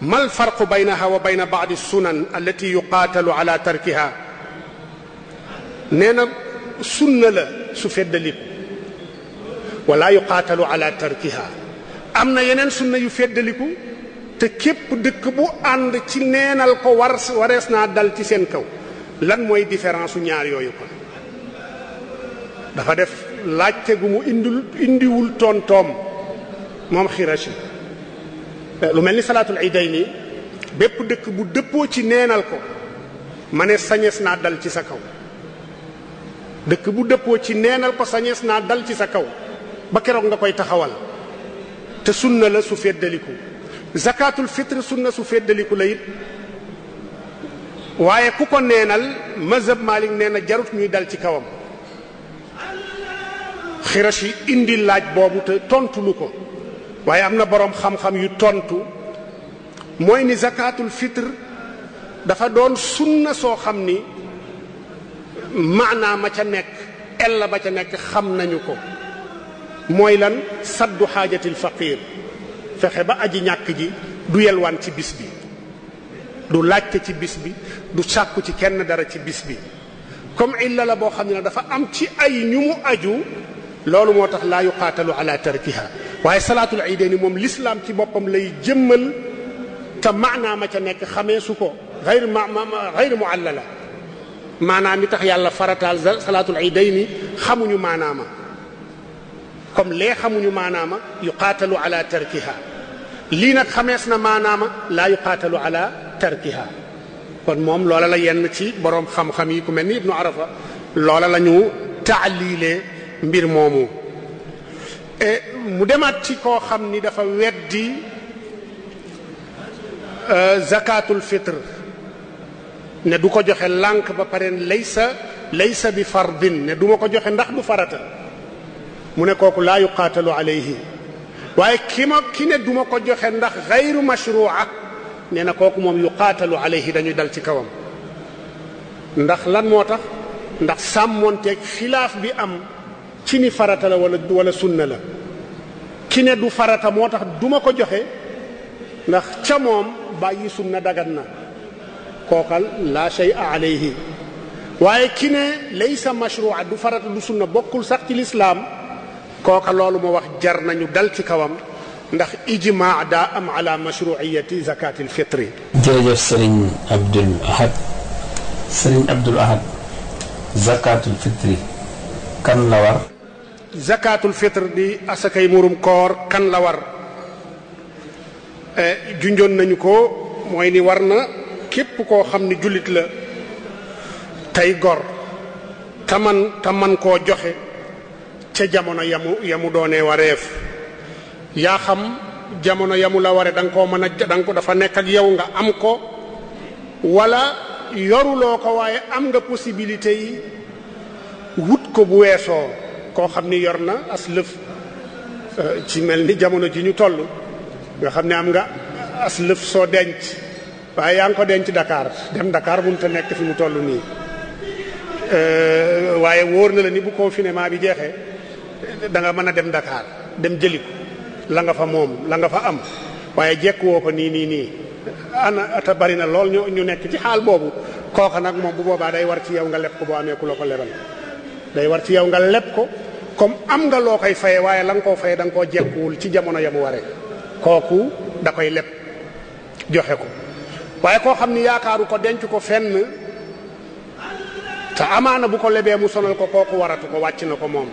Speaker 4: ma mal farqu baynaha wa bayna baadi sunan allati yuqaatalu ala tarkiha nee na sunna la su feddaliku wala yuqaatalu ala tarkiha am na yeneen sunna yu feddaliku te képp dëkk bu ànd ci neenal ko war warees naa dal ci seen kaw lan mooy différence su ñaar yooyu kon dafa def laajte gu mu indul indiwul tontoom moom xirashi eh, lu mel ni salaatul ay idayni bépp dëkk bu dëppoo ci neenal ko ma ne sañees naa dal ci sa kaw dëkk bu dëppoo ci neenal ko sañees naa dal ci sa kaw ba keroog nga koy taxawal te sunna la su feddaliku zakatul fitre sunna su feddaliku la it waaye ku ko neenal mazhab Malik nee na jarut ñuy dal ci kawam xirash indi laaj boobu te tontulu ko waaye am na boroom xam-xam yu tontu mooy ni zakatul fitre dafa doon sunna soo xam ni maanaa ma ca nekk ella ba ca nekk xam nañu ko mooy lan saddu xaajatil faqiir fexe ba aji ñàkk ji du yelwaan ci bis bi du laajte ci bis bi du sàkku ci kenn dara ci bis bi comme illa la boo xam ne dafa am ci ay ñu mu aju loolu moo tax laa yuqaatalu ala tarkiha waaye salaatul iidayni moom lislaam ci boppam lay jëmmal te maanaa ma ca nekk xamee su ko xayr ma xayr muallala maanaam mi tax yàlla farataal salaatul iidayni xamuñu maanaama comme lee xamuñu maanaama yuqaatalu ala tarkiha lii nag xamees na maanaama laa yuqaatalu ala tarkiha kon moom loola la yenn ci boroom xam-xam yi ku mel ni ibnu arafa loola lañu ñu taalilee mbir moomu e, mu demaat ci koo xam ni dafa weddi e, zakatul fitr ne du ko joxe lànk ba pare laysa laysa bi fardin ne du ko joxe ndax du farata mu ne kooku laa yuqaatalu alayhi waaye ki ma ki ne duma ko joxe ndax xayru mashrua nee na kooku moom yuqaatalu alayhi dañuy dal ci kawam ndax lan moo tax ndax sàmmoonteeg xilaaf bi am ci ni farata la wala wala sunna la ki ne du farata moo tax duma ko joxe ndax ca moom bàyyi sunna dagan na kookal laa shay'a alayhi waaye ki ne laysa mashrua du farata du sunna bokkul sax ci lislaam kooka loolu ma wax jar nañu dal ci kawam ndax ijmaa daa am ala mashruiyati zakatil fitri
Speaker 1: jërëjëf sëriñ abdul ahad sëriñ fitri kan la war
Speaker 4: fitri di asakay murum koor kan la eh, junjoon nañu ko mooy ni war na képp koo xam ni jullit la tey gor taman taman koo joxe ca jamono yamu yamu doonee wareef yaa xam jamono yamu la ware da koo mën a da nga dafa nekk ak yow nga am ko wala yoruloo ko waaye am nga possibilité yi wut ko bu weesoo koo xam ni yor na as lëf euh, ci mel ni jamono ji ñu toll nga xam ne am nga as lëf soo denc waaye yaa ngi ko denc dakaar dem Dakar mënut a nekk fi mu toll nii euh, waaye wóor na la ni bu confinement bi jeexee da nga mën a dem Dakar dem jëli ko la nga fa moom la nga fa am waaye jekk woo ko nii nii nii ana te bari na lool ñu ñu nekk ci xaal boobu kooka nag moom bu boobaa day war ci yow nga leb ko boo amee ko lebal day war ci yow nga leb ko comme am nga loo koy faye waaye la nga koo faye danga koo jekkuwul ci jamono ya mu waree kooku da koy leb joxe ko waaye koo xam ni yaakaaru ko denc ko fenn te amaana bu ko lebee mu sonal ko kooku waratu ko wàcc na ko moom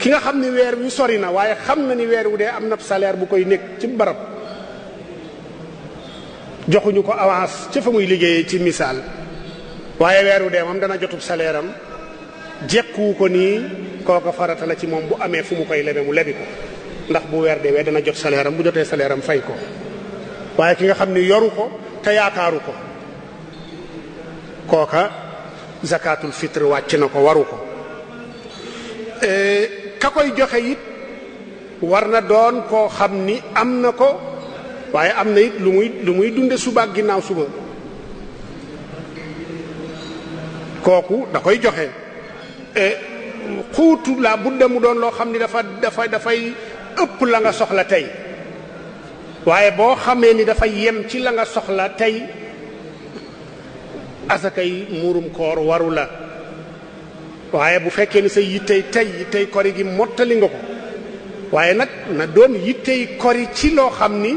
Speaker 4: ki nga xam ni weer wi sori na waaye xam na ni weer wu dee am na salaire bu koy nekk ci barab joxuñu ko avance ca fa muy liggéey ci misaal waaye weer wu dee moom dana jotub salaire am jekkuwu ko nii kooka faratala ci moom bu amee fu mu koy lebe mu lebi ko ndax bu weer deewee dana jot saleeram bu jotee salaire am fay ko waaye ki nga xam ni yoru ko te yaakaaru ko kooka zakatul fitre wàcc na ko waru ko eh, ka koy joxe it war na doon koo xam ni am na ko waaye am na it lu muy lu muy dunde suba ak ginnaaw suba kooku da koy joxe e, xuutu la budda mu doon loo xam ni dafa dafa dafay ëpp la nga soxla tey waaye boo xamee ni dafa yem ci la nga soxla tey asakay muurum koor waru la waaye bu fekkee ni sa yittey tey yittey kori gi mottali nga ko waaye nag na doon yittey kori ci loo xam ni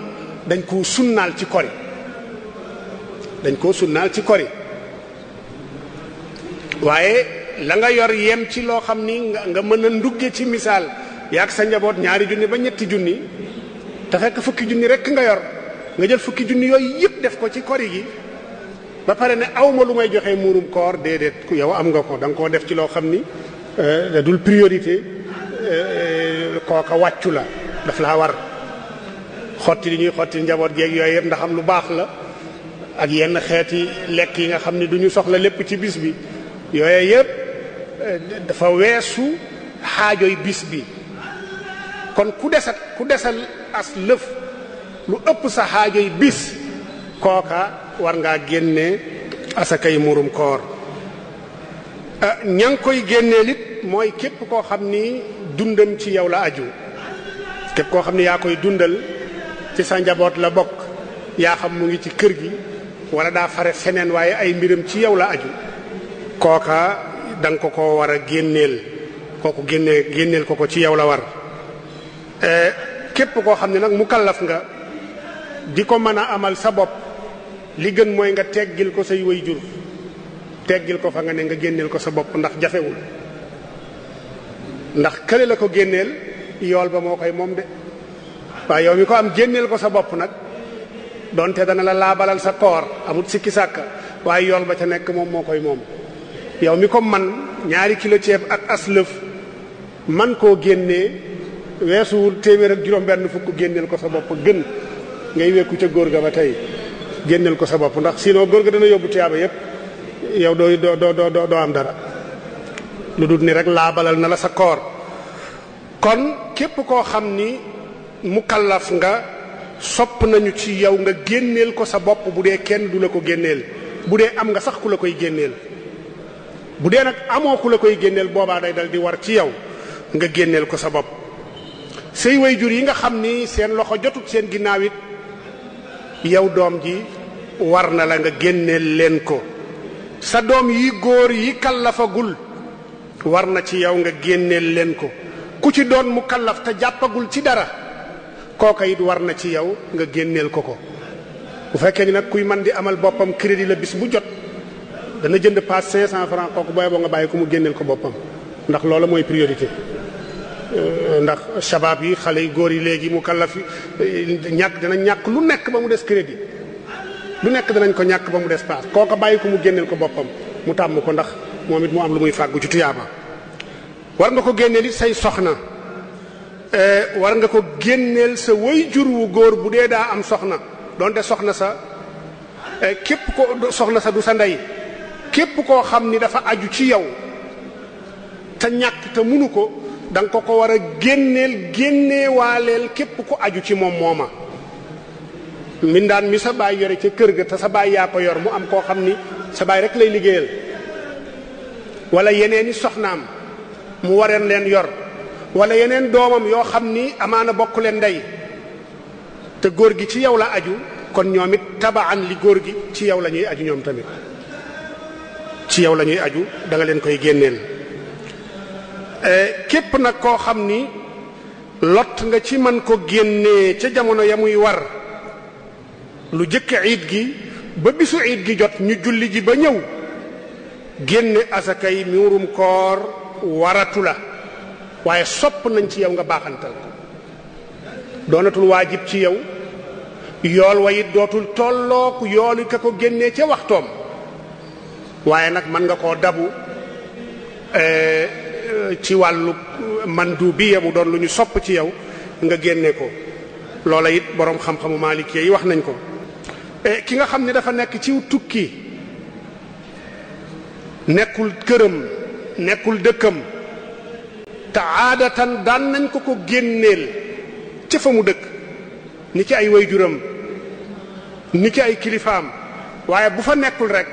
Speaker 4: dañ koo sunnaal ci kori dañ koo sunnaal ci kori waaye la nga yor yem ci loo xam ni nga mën a ndugge ci misaal yaag sa njaboot ñaari junni ba ñetti junni te fekk fukki junni rekk nga yor nga jël fukki junni yooyu yëpp def ko ci kori gi ba pare ne aw ma lu may joxe muurum koor déedéet ku yow am nga ko danga koo def ci loo xam ni euh, da dul priorité euh, kooka wàccu la daf laa war xotti li ñuy xotti njaboot geeg yooyu yëpp ndax am lu baax la ak yenn xeeti lekk yi nga xam ni du ñu soxla lépp ci bis bi yooye yëpp euh, dafa weesu yi bis bi kon ku desal ku desal as lëf lu ëpp sa yi bis kooka war ngaa génne asakay murum koor ah, ña ngi koy génneel it mooy képp koo xam ni dundam ci yow la aju képp koo xam ni yaa koy dundal ci sa njaboot la bokk yaa xam mu ngi ci kër gi wala daa fare feneen waaye ay mbiram ci yow la aju kooka da ko ko war a génneel kooku génne génneel ko ko ci yow la war eh, képp koo xam ne nag mu kallaf nga di ko mën a amal sa bopp li gën mooy nga teggil ko say way jur teggil ko fa nga ne nga génneel ko sa bopp ndax jafewul ndax kële la ko génneel yool ba moo koy moom de waaye yow mi ko am génneel ko sa bopp nag donte dana la laabalal sa koor amut sikki sàkka waaye yool ba ca nekk moom moo koy moom yow mi ko man ñaari kilo ceeb ak aslëf man koo génnee weesuwul téeméer ak juróom benn fukk génneel ko sa bopp gën ngay wekku ca góor ga ba tey génneel ko sa bopp ndax sinon góor gi dana yóbbu tiyaaba yépp yow doo doo doo doo am dara lu dul ni rek laabalal na la sa koor kon képp koo xam ni mu mukallaf nga sopp nañu ci yow nga génneel ko sa bopp bu dee kenn du la ko génneel bu dee am nga sax ku la koy génneel bu dee nag amoo ku la koy génneel boobaa day dal di war ci yow nga génneel ko sa bopp sëy way jur yi nga xam ni seen loxo jotut seen ginnaaw it yow doom ji war na la nga génneel leen ko sa doom yi góor yi kallafagul war na ci yow nga génneel leen ko ku ci doon mu kallaf te jàppagul ci dara kooka it war na ci yow nga génneel ko ko bu fekkee ni nag kuy man di amal boppam crédit la bis bu jot dana jënd paas 500 francs kooku booy boo nga bàyyi ko mu génneel ko boppam ndax loola mooy priorité Euh, ndax shabab yi xale yi góor yi léegi mu kallaf euh, ñàkk danañ ñàkk lu nekk ba mu des crédit lu nekk danañ ko ñàkk ba mu des paas kooka bàyyi ko mu génneel ko boppam mu tàmm ko ndax moom it mu am lu muy fàggu ci tuyaaba war nga ko génneel it say soxna euh, war nga ko génneel sa way jur wu góor bu dee daa am soxna donte soxna sa képp ko soxna sa du sa ndey képp koo xam ni dafa aju ci yow te ñàkk te munu ko danga ko ko war a génneel génneewaaleel képp ku aju ci moom mooma mbindaan mi sa baay yore ca kër ga te sa baay yaa ko yor mu am koo xam ni sa baay rek lay liggéeyal wala yeneeni soxnaam mu wareen leen yor wala yeneen doomam yoo xam ni amaana bokk leen ndey te góor gi ci yow la aju kon ñoom it li góor gi ci yow lañuy aju ñoom tamit ci yow la ñuy aju da leen koy génneel Eh, képp nag koo xam ni lot nga ci man ko génnee ca jamono ya muy war lu jëkk iid gi ba bisu iid gi jot ñu julli ji ba ñëw génne asakay muurum koor waratu la waaye sopp nañ ci yow nga baaxantal ko doonatul waajib ci yow yool wa it dootul tollook yoolu ka ko génnee ca waxtoom waaye nag mën nga koo dabu eh, ci wàllu bi mu doon lu ñu sopp ci yow nga génne ko loola it boroom xam-xamu maalik yi wax nañ ko e, ki nga xam ne dafa nekk ci tukki nekkul këram nekkul dëkkam te aadatan daan nañ ko ko génneel ci fa mu dëkk ni ci ay waajuram ni ci ay kilifaam waaye bu fa nekkul rekk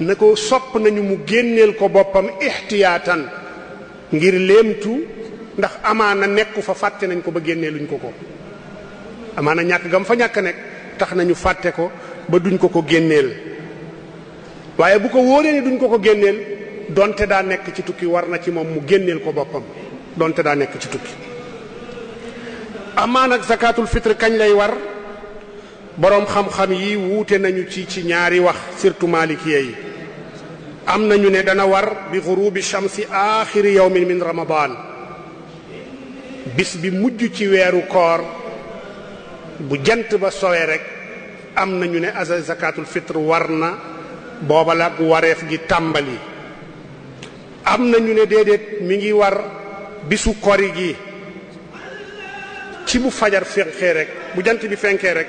Speaker 4: ne ko sopp nañu mu génneel ko boppam ixtiyaatan ngir léemtu ndax amaana nekku fa fàtte nañ ko ba génnee luñ ko ko amaana ñàkk gam fa ñàkk nekk tax nañu fàtte ko ba duñ ko ko génneel waaye bu ko wóoree ni duñ ko ko génneel donte daa nekk ci tukki war na ci moom mu génneel ko boppam donte daa nekk ci tukki amaan ak zakatul fitre kañ lay war boroom xam-xam yi wuute nañu ci ci ñaari wax surtout maaliki yi am nañu ne dana war bi xurubi shamsi aaxiri yawmin min ramadaan bis bi mujj ci weeru koor bu jant ba soowee rekk am nañu ne azal zakatul war na booba la ak wareef gi tàmbali am nañu ne déedéet mi ngi war bisu kori gi ci bu fajar fenkee rek bu jant bi fenkee rek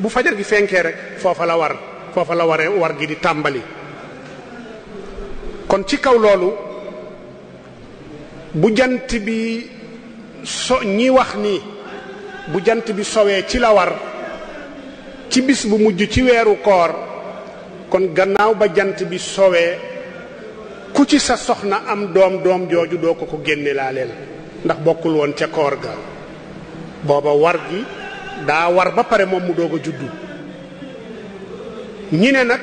Speaker 4: bu fajar gi fenkee rek foofa la war foofa la waree war gi di tàmbali kon ci kaw loolu bu jant bi so ñi wax ni bu jant bi sowee ci la war ci bis bu mujj ci weeru koor kon gannaaw ba jant bi sowee ku ci sa soxna am doom doom jooju doo ko ko génne laaleel ndax bokkul woon ca koor ga booba war gi daa war ba pare moom mu doo ko juddu ñi ne nag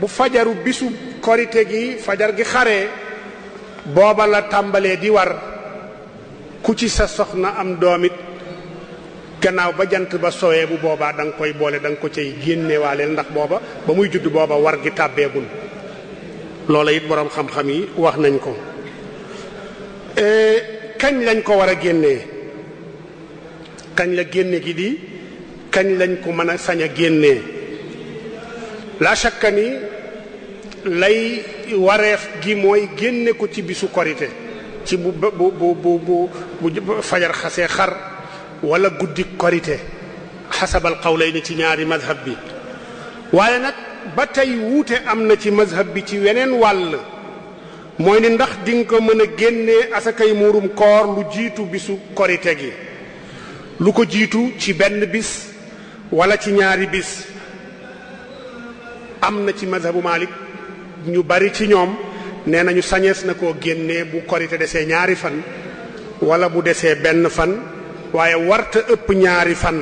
Speaker 4: bu fajaru bisu korite gi fajar gi xare booba la tàmbalee di war ku ci sa soxna am doomit gannaaw ba jant ba sowee bu boobaa danga koy boole da nga ko cay génnewaaleel ndax booba ba muy judd booba war gi tàbbeegul loola it boroom xam-xam yi wax nañ ko e, kañ lañ ko war a génnee kañ la génne gi di kañ lañ ko mën a sañ a génnee la shakka ni lay wareef gi mooy génne ko ci bisu korite ci bu bu bu bu fajar xasee xar wala guddi korite xasabal xaw lay ni ci ñaari mazhab bi waaye nag ba tey wuute am na ci mazhab bi ci weneen wàll mooy ni ndax dinga ko mën a génne asakay muurum koor lu jiitu bisu korite gi lu ko jiitu ci benn bis walla ci ñaari bis am na ci mazhabu Malik ñu bari ci ñoom nee nañu sañees na koo génne bu korite desee ñaari fan wala bu desee benn fan waaye warta ëpp ñaari fan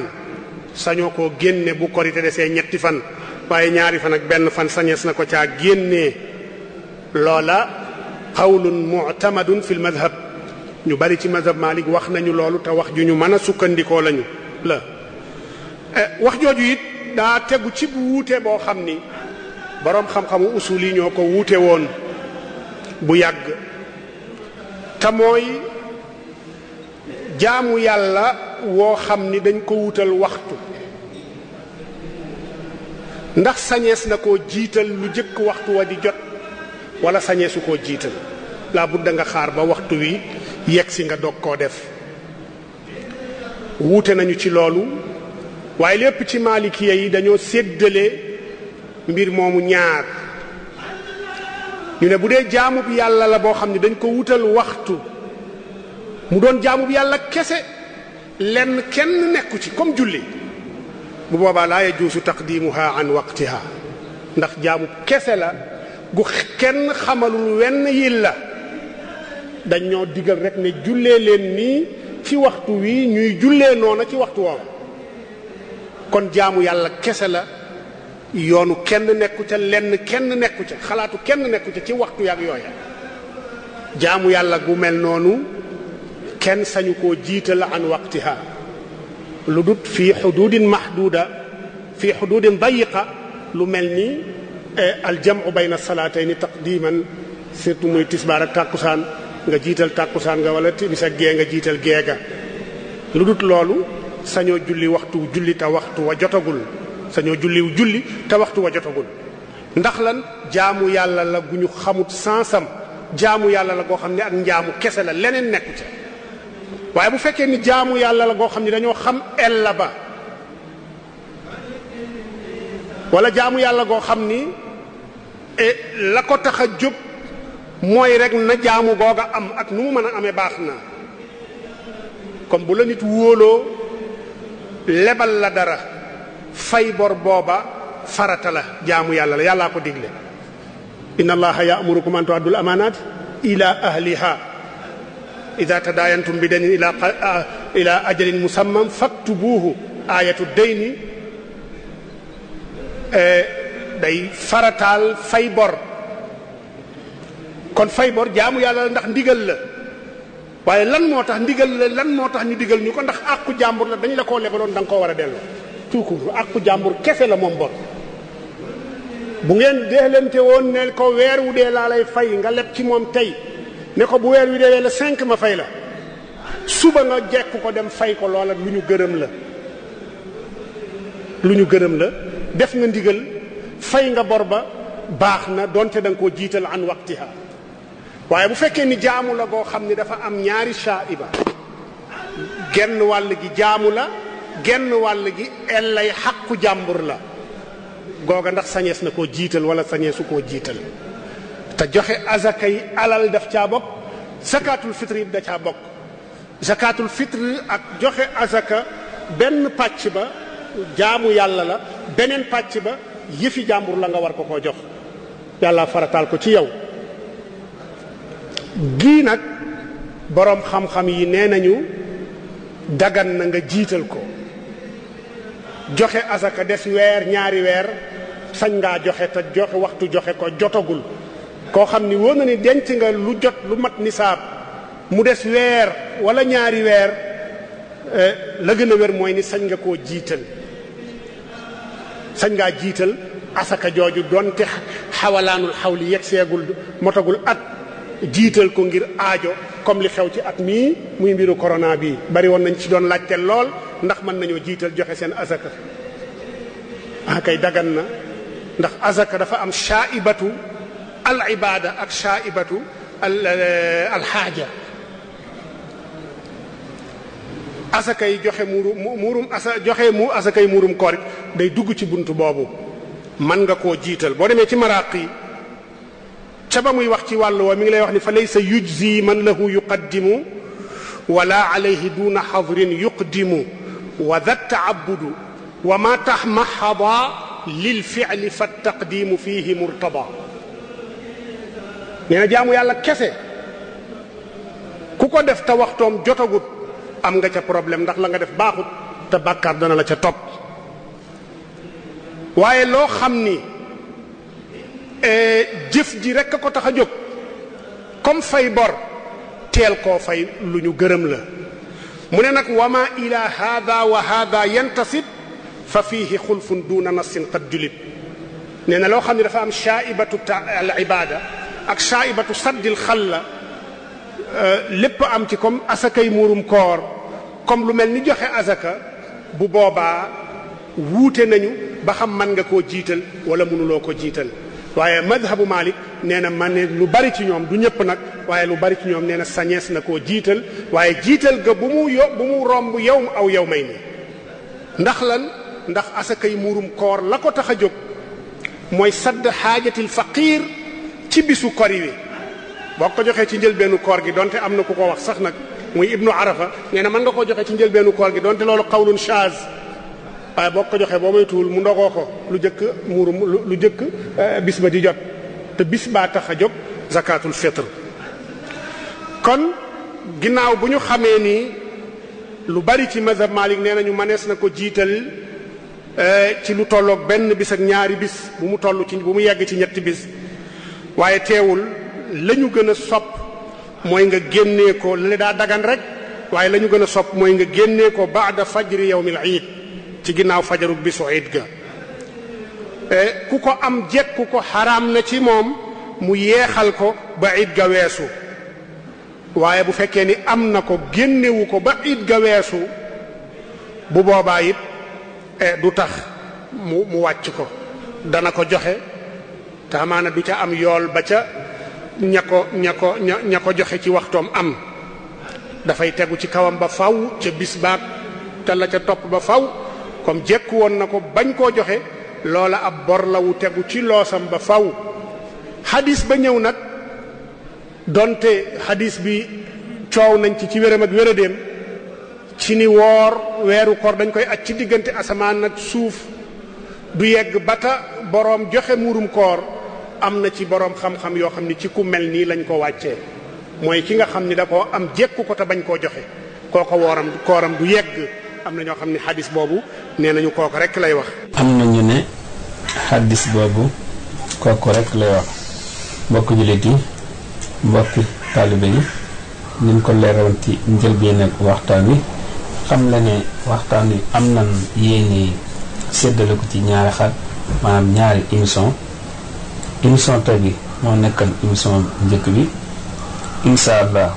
Speaker 4: sañoo ko génne bu korite desee ñetti fan waaye ñaari fan ak benn fan sañees na ko caa génnee loola qawlun mu'tamadun fil madhab ñu bari ci madhab Malik wax nañu loolu te wax ju ñu mën a sukkandikoo lañu la eh, wax jooju it daa tegu ci bu wuute boo xam ni boroom xam-xamu usul yi ñoo ko wuute woon bu yàgg te jaamu yàlla woo xam ni dañ ko wutal waxtu ndax sañees na koo jiital lu jëkk waxtu wa di jot wala sañeesu koo jiital laa bu da xaar ba waxtu wi yegg si nga dog koo def wuute nañu ci loolu waaye lépp ci maalikiya yi dañoo séddale mbir moomu ñaar ñu ne bu dee jaamub yàlla la boo xam ne dañ ko wutal waxtu mu doon jaamub yàlla kese lenn kenn nekku ci comme julli bu boobaa laa yajuusu taqdimuha an waqtiha ndax jaamub kese la gu kenn xamalul wenn yil la dañ ñoo digal rek ne jullee leen nii ci waxtu wi ñuy jullee noona ci waxtu woowu kon jaamu yàlla kese la yoonu kenn nekku ca lenn kenn nekku ca xalaatu kenn nekku ca ci waxtu yaak yooya jaamu yàlla gu mel noonu kenn sañu ko koo jiital an waqtiha lu dut fii xududin mahduda fii xududin dayiqa lu mel ni e, aljamu bayna salaatayni taqdiman surtout muy tisbaar ak tàkkusaan nga jiital tàkkusaan nga wala timis gee nga jiital gee ga lu dut loolu sañoo julli waxtu julli waxtu wa jotagul sañoo julliw julli te waxtu wa jotagul ndax lan jaamu yàlla la gu ñu xamut sansam jaamu yàlla la goo xam ne ak njaamu kese la leneen nekku waaye bu fekkee ni jaamu yàlla la goo xam ne dañoo xam ella ba wala jaamu yàlla goo xam ni e, la ko tax a jóg mooy rek na jaamu googa am ak nu mu mën a amee baax na comme bu la nit wóoloo lebal la dara fay bor booba farata la jaamu yàlla la yàllaa ko digle inna allaha ya'murukum an tu'addul amanat ila ahliha ida tadayantum bi daynin ila ila ajalin musamman faktubuhu ayatu dayni e, day farataal fay bor kon fay bor jaamu yàlla la ndax ndigal la waaye lan moo tax ndigal la lan moo tax ñu digal ñu ko ndax àqu jàmbur la dañ la koo lebaloon da nga koo war a delloo tuukuru ak ku jàmbur kese la moom bon bu ngeen deelante woon ne ko weer wu dee laa lay fay nga leb ci moom tey ne ko bu weer wi deewee la cinq ma fay la suba nga jekk ko dem fay ko loola lu ñu gërëm la lu ñu gërëm la def nga ndigal fay nga bor ba baax na donte da koo jiital an waqtiha waaye bu fekkee ni jaamu la goo xam ne dafa am ñaari shaiba genn wàll gi jaamu la genn wàll gi ellay xàqu jàmbur la googa ndax sañees na koo jiital wala sañeesu koo jiital te joxe azaka yi alal daf caa bokk zakaatul fitri da caa bokk zakaatul fitri ak joxe azaka benn pàcc ba jaamu yàlla la beneen pàcc ba yëfi jàmbur la nga war ko koo jox yàlla farataal ko ci yow gii nag boroom xam-xam yi nee nañu dagan na nga jiital ko joxe asaka des weer ñaari weer sañ ngaa joxe te joxe waxtu joxe ko jotagul koo xam ni wóor na ni denc nga lu jot lu mat ni saab mu des weer walla ñaari weer eh, la gën a wér mooy ni sañ nga ko jiital sañ ngaa jiital asaka jooju donte xawalaanul xawli yegg seegul motogul at jiital ko ngir aajo comme li xew ci at mii muy mbiru corona bi bari woon nañ ci doon laajte lool ndax mën nañoo jiital joxe seen asaka ah kay dagan na ndax asaka dafa am shaaibatu ibatu ibada ak shaaibatu al eh, alxaaja asaka yi joxe muuru muurum asa joxe mu asaka yi muurum koor day dugg ci bunt boobu mën nga koo jiital boo demee ci maraaq caba ba muy wax ci wàllu woo mi ngi lay wax ni fa laysa yujzi man lahu yuqaddimu wala alayhi duna xadrin yuqdimu wa da taabudu wa ma tax maxada lil fiili fa taqdimu fihi murtada nee na jaamu yàlla kese ku ko def te waxtoom jotagut am nga ca problème ndax la nga def baaxut te bakkar dana la ca top waaye loo xam ni Eh, jëf ji rek a ko tax a jóg kom fay bor teel koo fay lu ñu gërëm la mu ne nag wama ila hada wa hada yantasib fa fiihi xulfun duna nassin qad julib nee na loo xam ne dafa am shaaibatu al ibada ak shaaibatu saddil xalla eh, lépp am ci comme asakay muurum koor comme lu mel ni joxe asaka bu boobaa wuute nañu ba xam mën nga koo jiital wala mënuloo ko jiital waaye madhabu Malik nee na man ne lu bari ci ñoom du ñëpp nag waaye lu bari ci ñoom nee na sañees na koo jiital waaye jiital ga bu mu yo bu mu romb yow aw yow may nii ndax lan ndax asakay muurum koor la ko tax a jóg mooy sadd xaajatil faqiir ci bisu kori wi boo ko joxee ci njëlbeenu koor gi donte am na ku ko wax sax nag muy ibnu arafa nee na mën nga koo joxe ci njëlbeenu koor gi donte loolu qawlun shaaz waaye boo ko joxee boo may mu ndogoo ko lu jëkk muuru lu jëkk eh, bis ba di jot te bis baa tax a jóg zakatul fitr kon ginnaaw bu ñu xamee ni lu bari ci mazhab Malik nee nañu manees na ko jiital eh, ci lu tolloog benn bis ak ñaari bis bu mu toll ci bu mu yegg ci ñetti bis waaye teewul lañu gën a sopp mooy nga génnee ko la daa dagan rek waaye lañu gën a sopp mooy nga génnee ko baada fajri yawmil iid ci ginnaaw fajaru bisu it ga e, ku ko am jekku ko xaram na ci moom mu yeexal ko ba it ga weesu waaye bu fekkee ni am na ko génnewu ko ba it ga weesu bu boobaa it e, du tax mu mu wàcc ko dana ko joxe taamaane amaana du ca am yool ba ca ña ko ña ko ña ko joxe ci waxtoom am dafay tegu ci kawam ba faw ca bis baag te la ca topp ba faw comme jekk woon na ko bañ koo joxe loola ab bor la wu tegu ci loosam ba faw xadis ba ñëw nag doonte xadis bi coow nañ ci ci wéram ak wéradéem ci ni woor weeru koor dañ koy aj ci diggante asamaan nag suuf du yegg bata boroom joxe muurum koor am na ci boroom xam-xam yoo xam ni ci ku mel nii lañ ko wàccee mooy ki nga xam ni da koo am jekku ko te bañ koo joxe koo ko wooram kooram du yegg am na ñoo xam ne xadis boobu nee nañu kooku rek lay wax. am
Speaker 1: na ñu ne xaddis boobu kooku rek lay wax mbokk jullit yi mbokk taalibe yi ñu ko leeroon ci njëlbéen ak waxtaan wi xam na ne waxtaan wi am nañ yéene séddale ko ci ñaari xaaj maanaam ñaari émission émission tey moo nekkan émission njëkk bi incha allah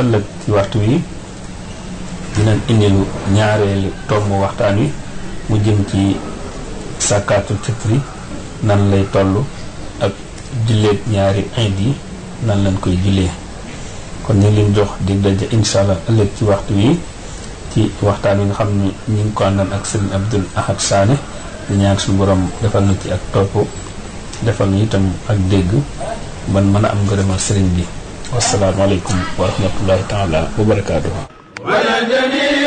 Speaker 1: ëllëg ci waxtu wi. dinañ indilu ñaareelu tomb waxtaan wi mu jëm ci sàkkaatul fitri nan lay toll ak julleet ñaari ind yi nan lañ koy jullee kon ñu ngi leen jox dig daje incha allah ëllëg ci waxtu wi ci waxtaan wi nga xam ni ñu ko àndal ak sëriñ Abdul Ahad Saane di ñaan suñu borom defal na ci ak topp defal na itam ak dégg man mën a am ngërëmal sëriñ bi wasalaamaaleykum wa rahmatullahi taala wa barakaatuhu
Speaker 2: wala jamiil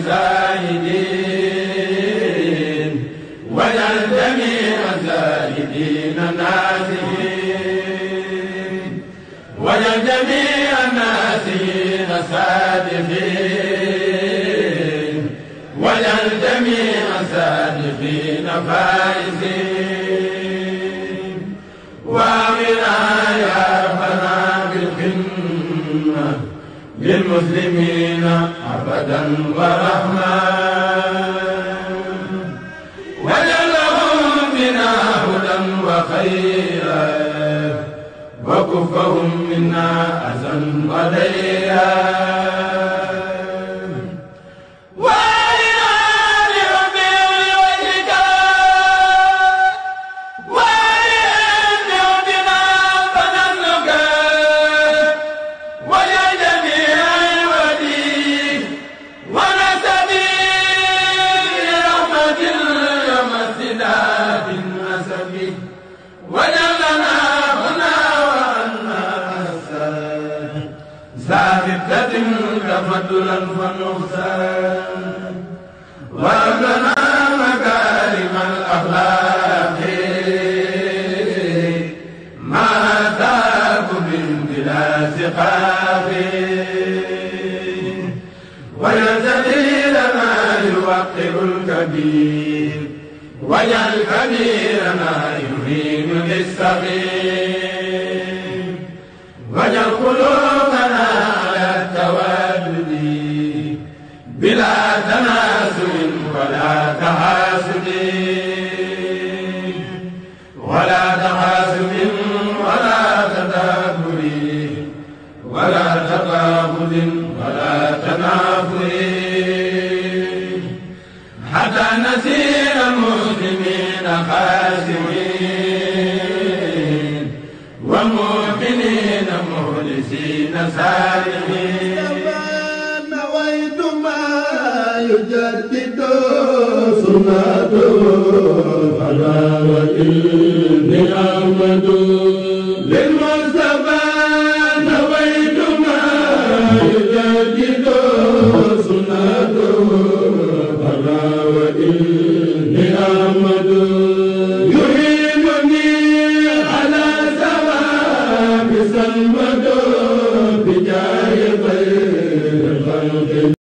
Speaker 2: زاهدين واجعل جميع الزاهدين ناسين واجعل جميع الناسين صادقين واجعل جميع الصادقين فائزين وامنا يا للمسلمين أبدا ورحمة وجعلهم بنا هدى وخيرا وكفهم منا أذى وديا